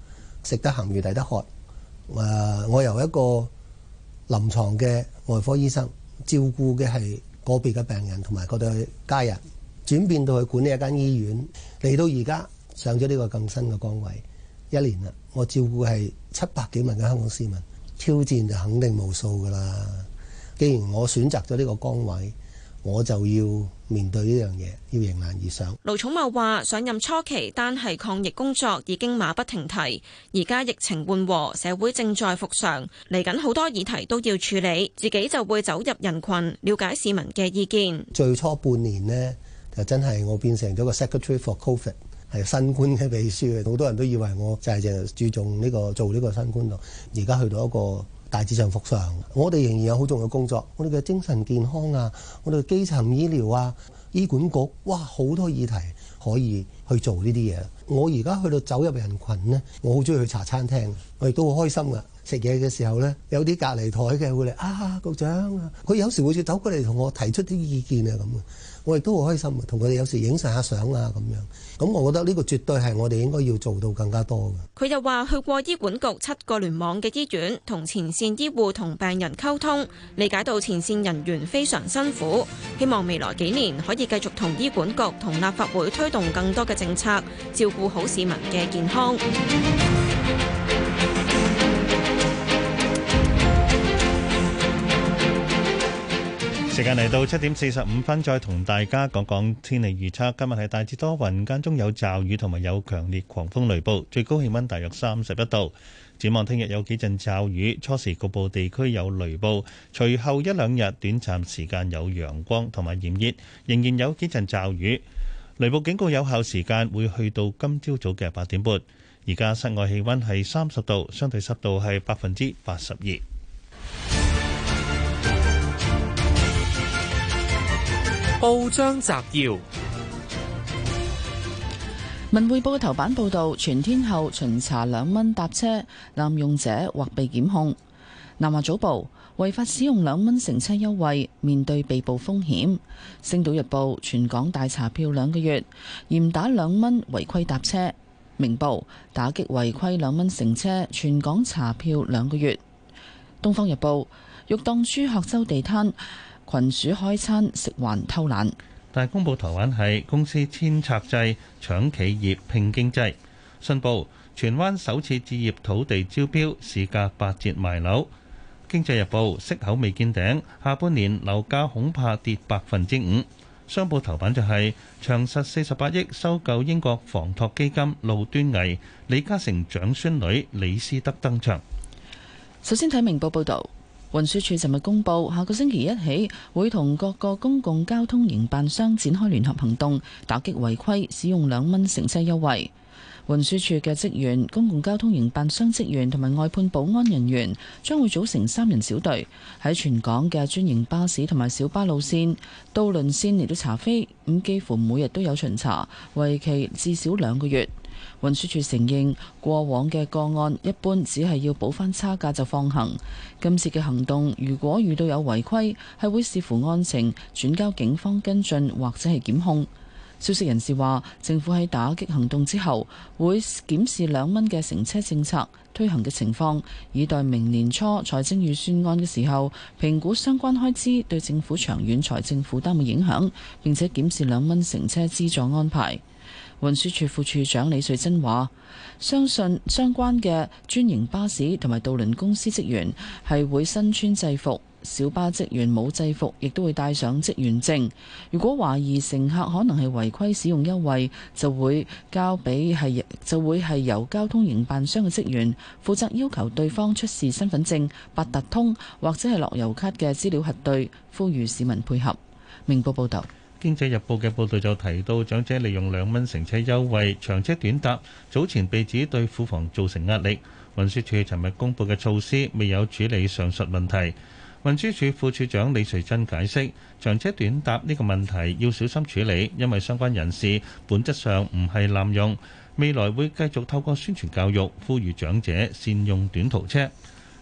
食得鹹魚抵得渴。誒、呃，我由一個臨床嘅外科醫生照顧嘅係個別嘅病人同埋佢哋家人，轉變到去管理一間醫院，嚟到而家上咗呢個咁新嘅崗位。一年啦，我照顧係七百幾萬嘅香港市民，挑戰就肯定無數噶啦。既然我選擇咗呢個崗位，我就要面對呢樣嘢，要迎難而上。盧寵茂話：上任初期單係抗疫工作已經馬不停蹄，而家疫情緩和，社會正在復常，嚟緊好多議題都要處理，自己就會走入人群，了解市民嘅意見。最初半年呢，就真係我變成咗個 Secretary for COVID。係新冠嘅秘書，好多人都以為我就係淨係注重呢、呢個做呢個新冠度。而家去到一個大致上復常，我哋仍然有好重要工作。我哋嘅精神健康啊，我哋嘅基層醫療啊，醫管局，哇，好多議題可以去做呢啲嘢。我而家去到走入人群呢，我好中意去茶餐廳，我亦都好開心噶。食嘢嘅時候呢，有啲隔離台嘅會嚟啊，局長啊，佢有時會就走過嚟同我提出啲意見啊咁啊。我亦都好開心，同佢哋有時影晒下相啊咁樣。咁我覺得呢個絕對係我哋應該要做到更加多嘅。佢又話去過醫管局七個聯網嘅醫院，同前線醫護同病人溝通，理解到前線人員非常辛苦，希望未來幾年可以繼續同醫管局同立法會推動更多嘅政策，照顧好市民嘅健康。時間嚟到七點四十五分，再同大家講講天氣預測。今日係大致多雲，間中有驟雨同埋有強烈狂風雷暴，最高氣溫大約三十一度。展望聽日有幾陣驟雨，初時局部地區有雷暴，隨後一兩日短暫時間有陽光同埋炎熱，仍然有幾陣驟雨。雷暴警告有效時間會去到今朝早嘅八點半。而家室外氣溫係三十度，相對濕度係百分之八十二。報章摘要：《文匯報》頭版報道，全天候巡查兩蚊搭車，濫用者或被檢控。《南華早報》違法使用兩蚊乘車優惠，面對被捕風險。《星島日報》全港大查票兩個月，嚴打兩蚊違規搭車。《明報》打擊違規兩蚊乘車，全港查票兩個月。《東方日報》欲當珠鶴洲地攤群鼠開餐，食環偷懶。大公報頭版係公司遷冊制搶企業拼經濟。信報：荃灣首次置業土地招標，市價八折賣樓。經濟日報：息口未見頂，下半年樓價恐怕跌百分之五。商報頭版就係、是、長實四十八億收購英國房託基金路端毅，李嘉誠長孫女李思德登場。首先睇明報報導。運輸署尋日公布，下個星期一起會同各個公共交通營辦商展開聯合行動，打擊違規使用兩蚊乘車優惠。運輸署嘅職員、公共交通營辦商職員同埋外判保安人員將會組成三人小隊，喺全港嘅專營巴士同埋小巴路線、渡輪線嚟到查飛。咁幾乎每日都有巡查，為期至少兩個月。運輸署承認過往嘅個案一般只係要補返差價就放行，今次嘅行動如果遇到有違規，係會視乎案情轉交警方跟進或者係檢控。消息人士話，政府喺打擊行動之後會檢視兩蚊嘅乘車政策推行嘅情況，以待明年初財政預算案嘅時候評估相關開支對政府長遠財政負擔嘅影響，並且檢視兩蚊乘車資助安排。運輸署副署長李瑞珍話，相信相關嘅專營巴士同埋渡輪公司職員係會身穿制服，小巴職員冇制服，亦都會帶上職員證。如果懷疑乘客可能係違規使用優惠，就會交俾係就會係由交通營辦商嘅職員負責要求對方出示身份證、八達通或者係樂悠卡嘅資料核對，呼籲市民配合。明報報道。《經濟日報》嘅報導就提到，長者利用兩蚊乘車優惠長車短搭，早前被指對庫房造成壓力。運輸署尋日公布嘅措施未有處理上述問題。運輸署副，副署長李瑞珍解釋，長車短搭呢個問題要小心處理，因為相關人士本質上唔係濫用。未來會繼續透過宣傳教育，呼籲長者善用短途車。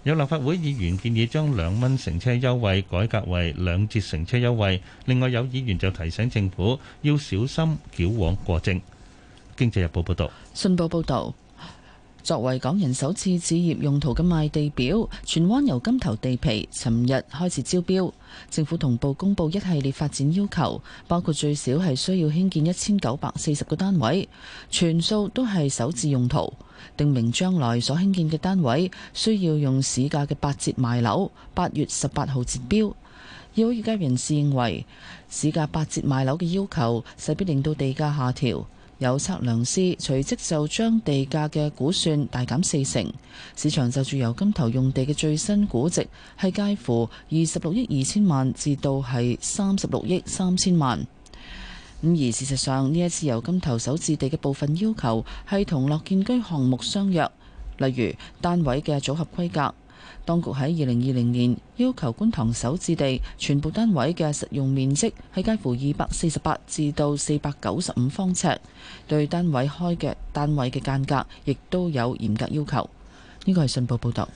有立法會議員建議將兩蚊乘車優惠改革為兩折乘車優惠，另外有議員就提醒政府要小心矯枉過正。經濟日報報道。信報報道。作為港人首次置業用途嘅賣地表，荃灣油柑頭地皮，尋日開始招標。政府同步公布一系列發展要求，包括最少係需要興建一千九百四十個單位，全數都係首置用途，定明將來所興建嘅單位需要用市價嘅八折賣樓，八月十八號截標。有業界人士認為，市價八折賣樓嘅要求，勢必令到地價下調。有測量師隨即就將地價嘅估算大減四成，市場就住油柑頭用地嘅最新估值係介乎二十六億二千萬至到係三十六億三千萬。咁而事實上呢一次油柑頭首置地嘅部分要求係同樂建居項目相若，例如單位嘅組合規格。當局喺二零二零年要求觀塘首置地全部單位嘅實用面積係介乎二百四十八至到四百九十五方尺，對單位開嘅單位嘅間隔亦都有嚴格要求。呢個係信報報導。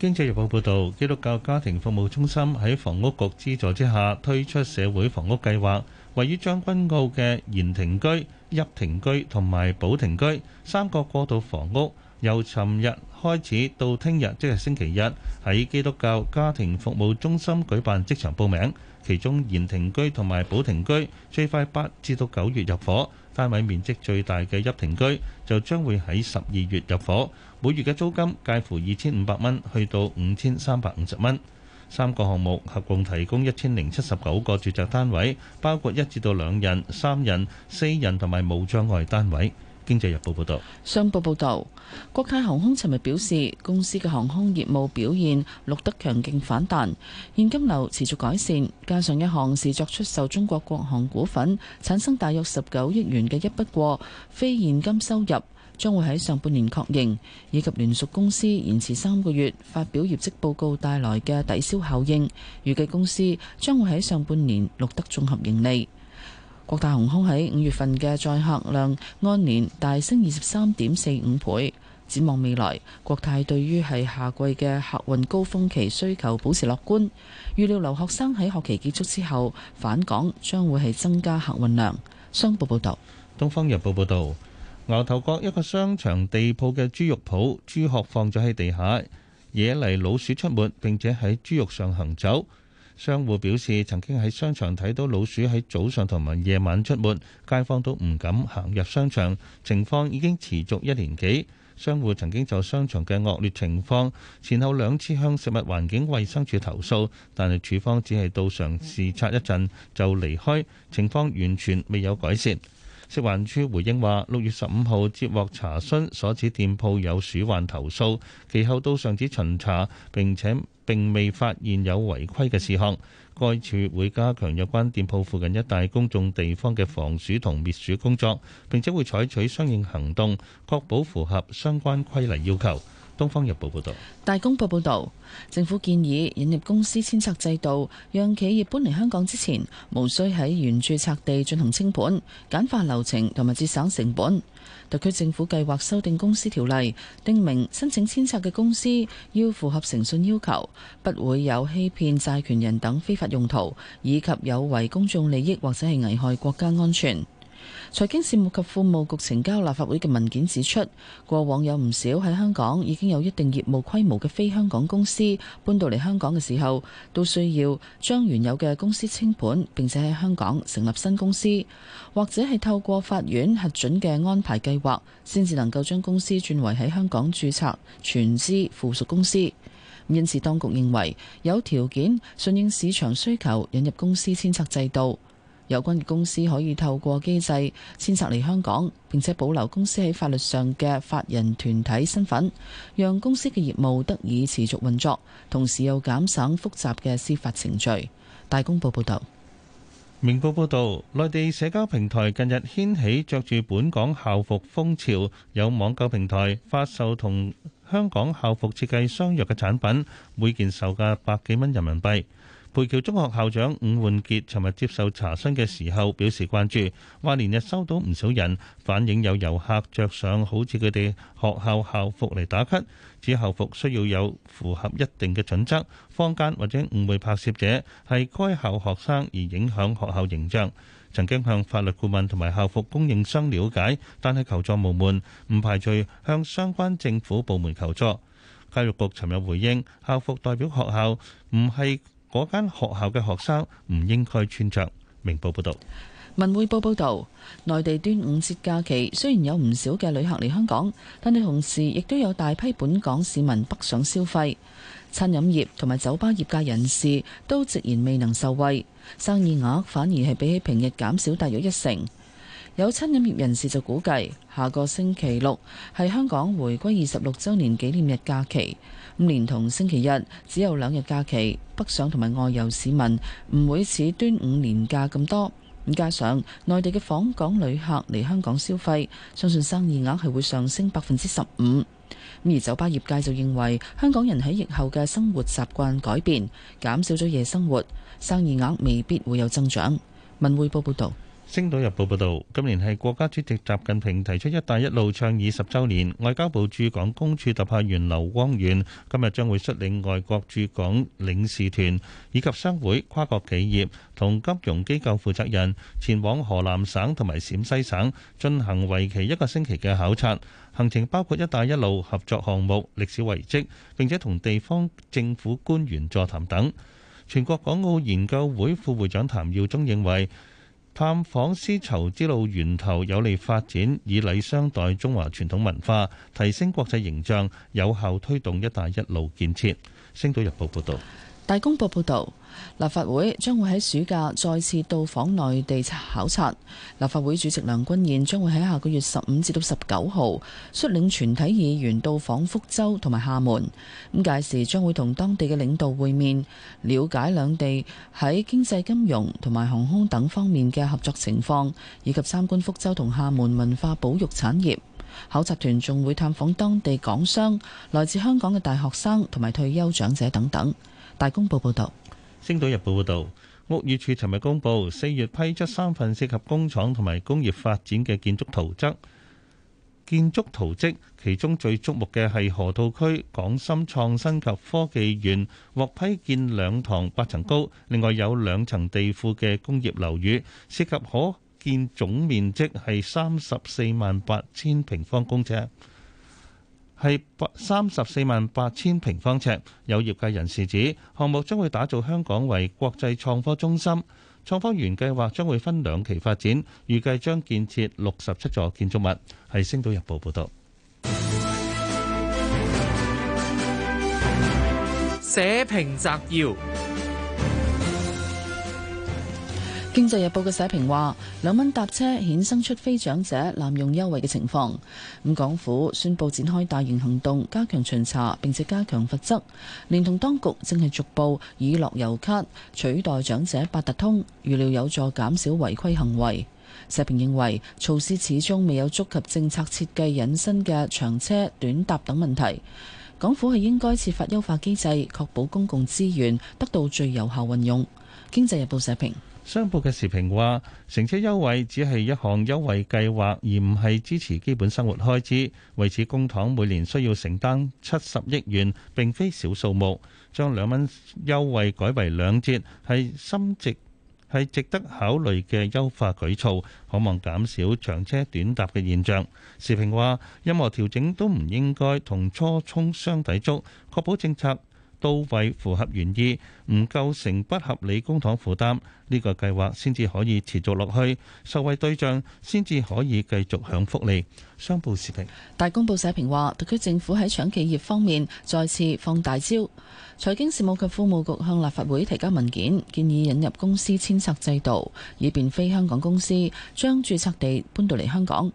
經濟日報報導，基督教家庭服務中心喺房屋局資助之下推出社會房屋計劃，位於將軍澳嘅延庭居、邑庭居同埋寶庭居三個過渡房屋，由尋日開始到聽日，即係星期日，喺基督教家庭服務中心舉辦即場報名。其中延停居同埋保停居最快八至到九月入夥，單位面積最大嘅一停居就將會喺十二月入夥。每月嘅租金介乎二千五百蚊去到五千三百五十蚊。三個項目合共提供一千零七十九個住宅單位，包括一至到兩人、三人、四人同埋無障礙單位。經濟日報報道，商報報道，國泰航空尋日表示，公司嘅航空業務表現錄得強勁反彈，現金流持續改善，加上一項視作出售中國國航股份產生大約十九億元嘅一筆過非現金收入，將會喺上半年確認，以及聯屬公司延遲三個月發表業績報告帶來嘅抵銷效應，預計公司將會喺上半年錄得綜合盈利。國泰航空喺五月份嘅載客量按年大升二十三點四五倍。展望未來，國泰對於係夏季嘅客運高峰期需求保持樂觀，預料留學生喺學期結束之後返港將會係增加客運量。商報報道，《東方日報》報道，牛頭角一個商場地鋪嘅豬肉鋪，豬殼放咗喺地下，惹嚟老鼠出沒，並且喺豬肉上行走。商戶表示，曾經喺商場睇到老鼠喺早上同埋夜晚出沒，街坊都唔敢行入商場。情況已經持續一年幾。商戶曾經就商場嘅惡劣情況前後兩次向食物環境衛生署投訴，但係署方只係到場視察一陣，就離開，情況完全未有改善。食環署回應話：六月十五號接獲查詢，所指店鋪有鼠患投訴，其後到上址巡查並且。並未發現有違規嘅事項，該處會加強有關店鋪附近一帶公眾地方嘅防鼠同滅鼠工作，並且會採取相應行動，確保符合相關規例要求。《東方日報》報道。《大公報》報道，政府建議引入公司遷冊制度，讓企業搬嚟香港之前無需喺原註冊地進行清盤，簡化流程同埋節省成本。特區政府計劃修訂公司條例，訂明申請遷冊嘅公司要符合誠信要求，不會有欺騙債權人等非法用途，以及有違公眾利益或者係危害國家安全。財經事務及庫務局呈交立法會嘅文件指出，過往有唔少喺香港已經有一定業務規模嘅非香港公司搬到嚟香港嘅時候，都需要將原有嘅公司清盤，並且喺香港成立新公司，或者係透過法院核准嘅安排計劃，先至能夠將公司轉為喺香港註冊全資附屬公司。因此，當局認為有條件順應市場需求，引入公司遷冊制度。有關嘅公司可以透過機制遷冊嚟香港，並且保留公司喺法律上嘅法人團體身份，讓公司嘅業務得以持續運作，同時又減省複雜嘅司法程序。大公報報道，明報報道，內地社交平台近日掀起着住本港校服風潮，有網購平台發售同香港校服設計相若嘅產品，每件售價百幾蚊人民幣。培橋中學校長伍煥傑尋日接受查詢嘅時候表示關注，話連日收到唔少人反映，有遊客着上好似佢哋學校校服嚟打卡，指校服需要有符合一定嘅準則，坊間或者誤會拍攝者係該校學生而影響學校形象。曾經向法律顧問同埋校服供應商了解，但係求助無門，唔排除向相關政府部門求助。教育局尋日回應，校服代表學校，唔係，嗰間學校嘅學生唔應該穿著。明報報導，文匯報報導，內地端午節假期雖然有唔少嘅旅客嚟香港，但係同時亦都有大批本港市民北上消費。餐飲業同埋酒吧業界人士都直言未能受惠，生意額反而係比起平日減少大約一成。有餐飲業人士就估計，下個星期六係香港回歸二十六週年紀念日假期。五連同星期日只有兩日假期，北上同埋外遊市民唔會似端午年假咁多。加上內地嘅訪港旅客嚟香港消費，相信生意額係會上升百分之十五。而酒吧業界就認為，香港人喺疫後嘅生活習慣改變，減少咗夜生活，生意額未必會有增長。文匯報報道。《星島日報》報道，今年係國家主席習近平提出“一帶一路”倡議十周年。外交部駐港公署特派員劉光源今日將會率領外國駐港領事團以及商會、跨國企業同金融機構負責人前往河南省同埋陝西省進行為期一個星期嘅考察。行程包括“一帶一路”合作項目、歷史遺跡，並且同地方政府官員座談等。全國港澳研究會副會長譚耀宗認為，探訪絲綢之路源頭有利發展，以禮相待中華傳統文化，提升國際形象，有效推動「一帶一路」建設。星島日報報導。大公報報導，立法會將會喺暑假再次到訪內地考察。立法會主席梁君彥將會喺下個月十五至到十九號率領全體議員到訪福州同埋廈門。咁屆時將會同當地嘅領導會面，了解兩地喺經濟、金融同埋航空等方面嘅合作情況，以及參觀福州同廈門文化保育產業。考察團仲會探訪當地港商、來自香港嘅大學生同埋退休長者等等。大公報報道，《星島日報》報道，屋宇署尋日公布，四月批出三份涉及工廠同埋工業發展嘅建築圖則。建築圖則其中最矚目嘅係河套區港深創新及科技園獲批建兩幢八層高，另外有兩層地庫嘅工業樓宇，涉及可建總面積係三十四萬八千平方公尺。係三十四萬八千平方尺。有業界人士指，項目將會打造香港為國際創科中心。創科園計劃將會分兩期發展，預計將建設六十七座建築物。係《星島日報》報導。社評摘要。經濟日報嘅社評話，兩蚊搭車衍生出非長者濫用優惠嘅情況。咁港府宣布展開大型行動，加強巡查，並且加強罰則，連同當局正係逐步以樂悠卡取代長者八達通，預料有助減少違規行為。社評認為，措施始終未有觸及政策設計引申嘅長車短搭等問題。港府係應該設法優化機制，確保公共資源得到最有效運用。經濟日報社評。商報嘅時評話，乘車優惠只係一項優惠計劃，而唔係支持基本生活開支。為此，公帑每年需要承擔七十億元，並非小數目。將兩蚊優惠改為兩折，係深值係值得考慮嘅優化舉措，可望減少長車短搭嘅現象。時評話，任何調整都唔應該同初衷相抵觸，確保政策到位符合原意，唔構成不合理公帑負擔，呢個計劃先至可以持續落去，受惠對象先至可以繼續享福利。商報視評大公報社評話，特區政府喺搶企業方面再次放大招。財經事務及庫務局向立法會提交文件，建議引入公司遷冊制度，以便非香港公司將註冊地搬到嚟香港。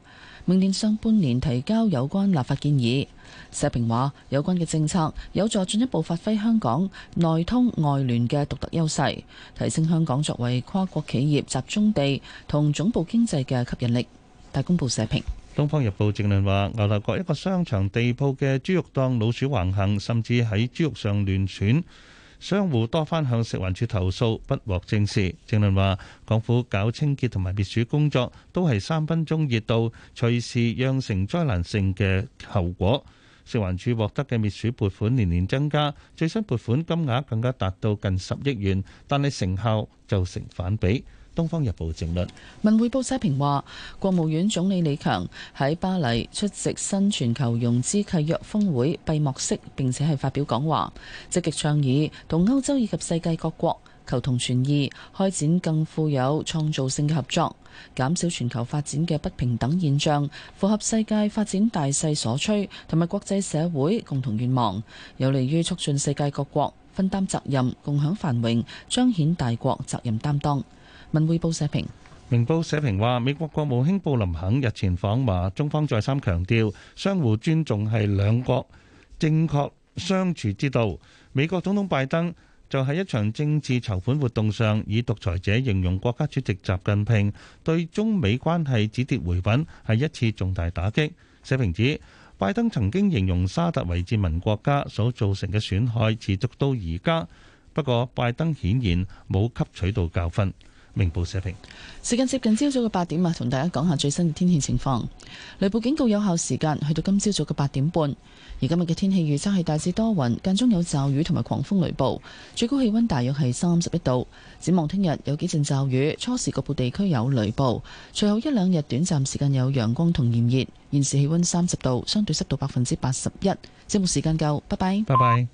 明年上半年提交有關立法建議。社評話有關嘅政策有助進一步發揮香港內通外聯嘅獨特優勢，提升香港作為跨國企業集中地同總部經濟嘅吸引力。大公報社評，東方日報正論話牛頭角一個商場地鋪嘅豬肉檔老鼠橫行，甚至喺豬肉上亂竄。商戶多番向食環署投訴，不獲正視。政論話，港府搞清潔同埋滅鼠工作，都係三分鐘熱度，隨時釀成災難性嘅後果。食環署獲得嘅滅鼠撥款年年增加，最新撥款金額更加達到近十億元，但係成效就成反比。《東方日報》政論文匯報社評話，國務院總理李強喺巴黎出席新全球融資契約峰會閉幕式，並且係發表講話，積極倡議同歐洲以及世界各國求同存異，開展更富有創造性嘅合作，減少全球發展嘅不平等現象，符合世界發展大勢所趨同埋國際社會共同願望，有利於促進世界各國分擔責任、共享繁榮，彰顯大國責任擔當。文匯報社評，明報社評話，美國國務卿布林肯日前訪華，中方再三強調相互尊重係兩國正確相處之道。美國總統拜登就喺一場政治籌款活動上以獨裁者形容國家主席習近平，對中美關係止跌回穩係一次重大打擊。社評指，拜登曾經形容沙特為殖民國家所造成嘅損害持續到而家，不過拜登顯然冇吸取到教訓。明報社評。時間接近朝早嘅八點啊，同大家講下最新嘅天氣情況。雷暴警告有效時間去到今朝早嘅八點半。而今日嘅天氣預測係大致多雲，間中有驟雨同埋狂風雷暴。最高氣溫大約係三十一度。展望聽日有幾陣驟雨，初時局部地區有雷暴。隨後一兩日短暫時間有陽光同炎熱。現時氣溫三十度，相對濕度百分之八十一。節目時間夠，拜拜。拜拜。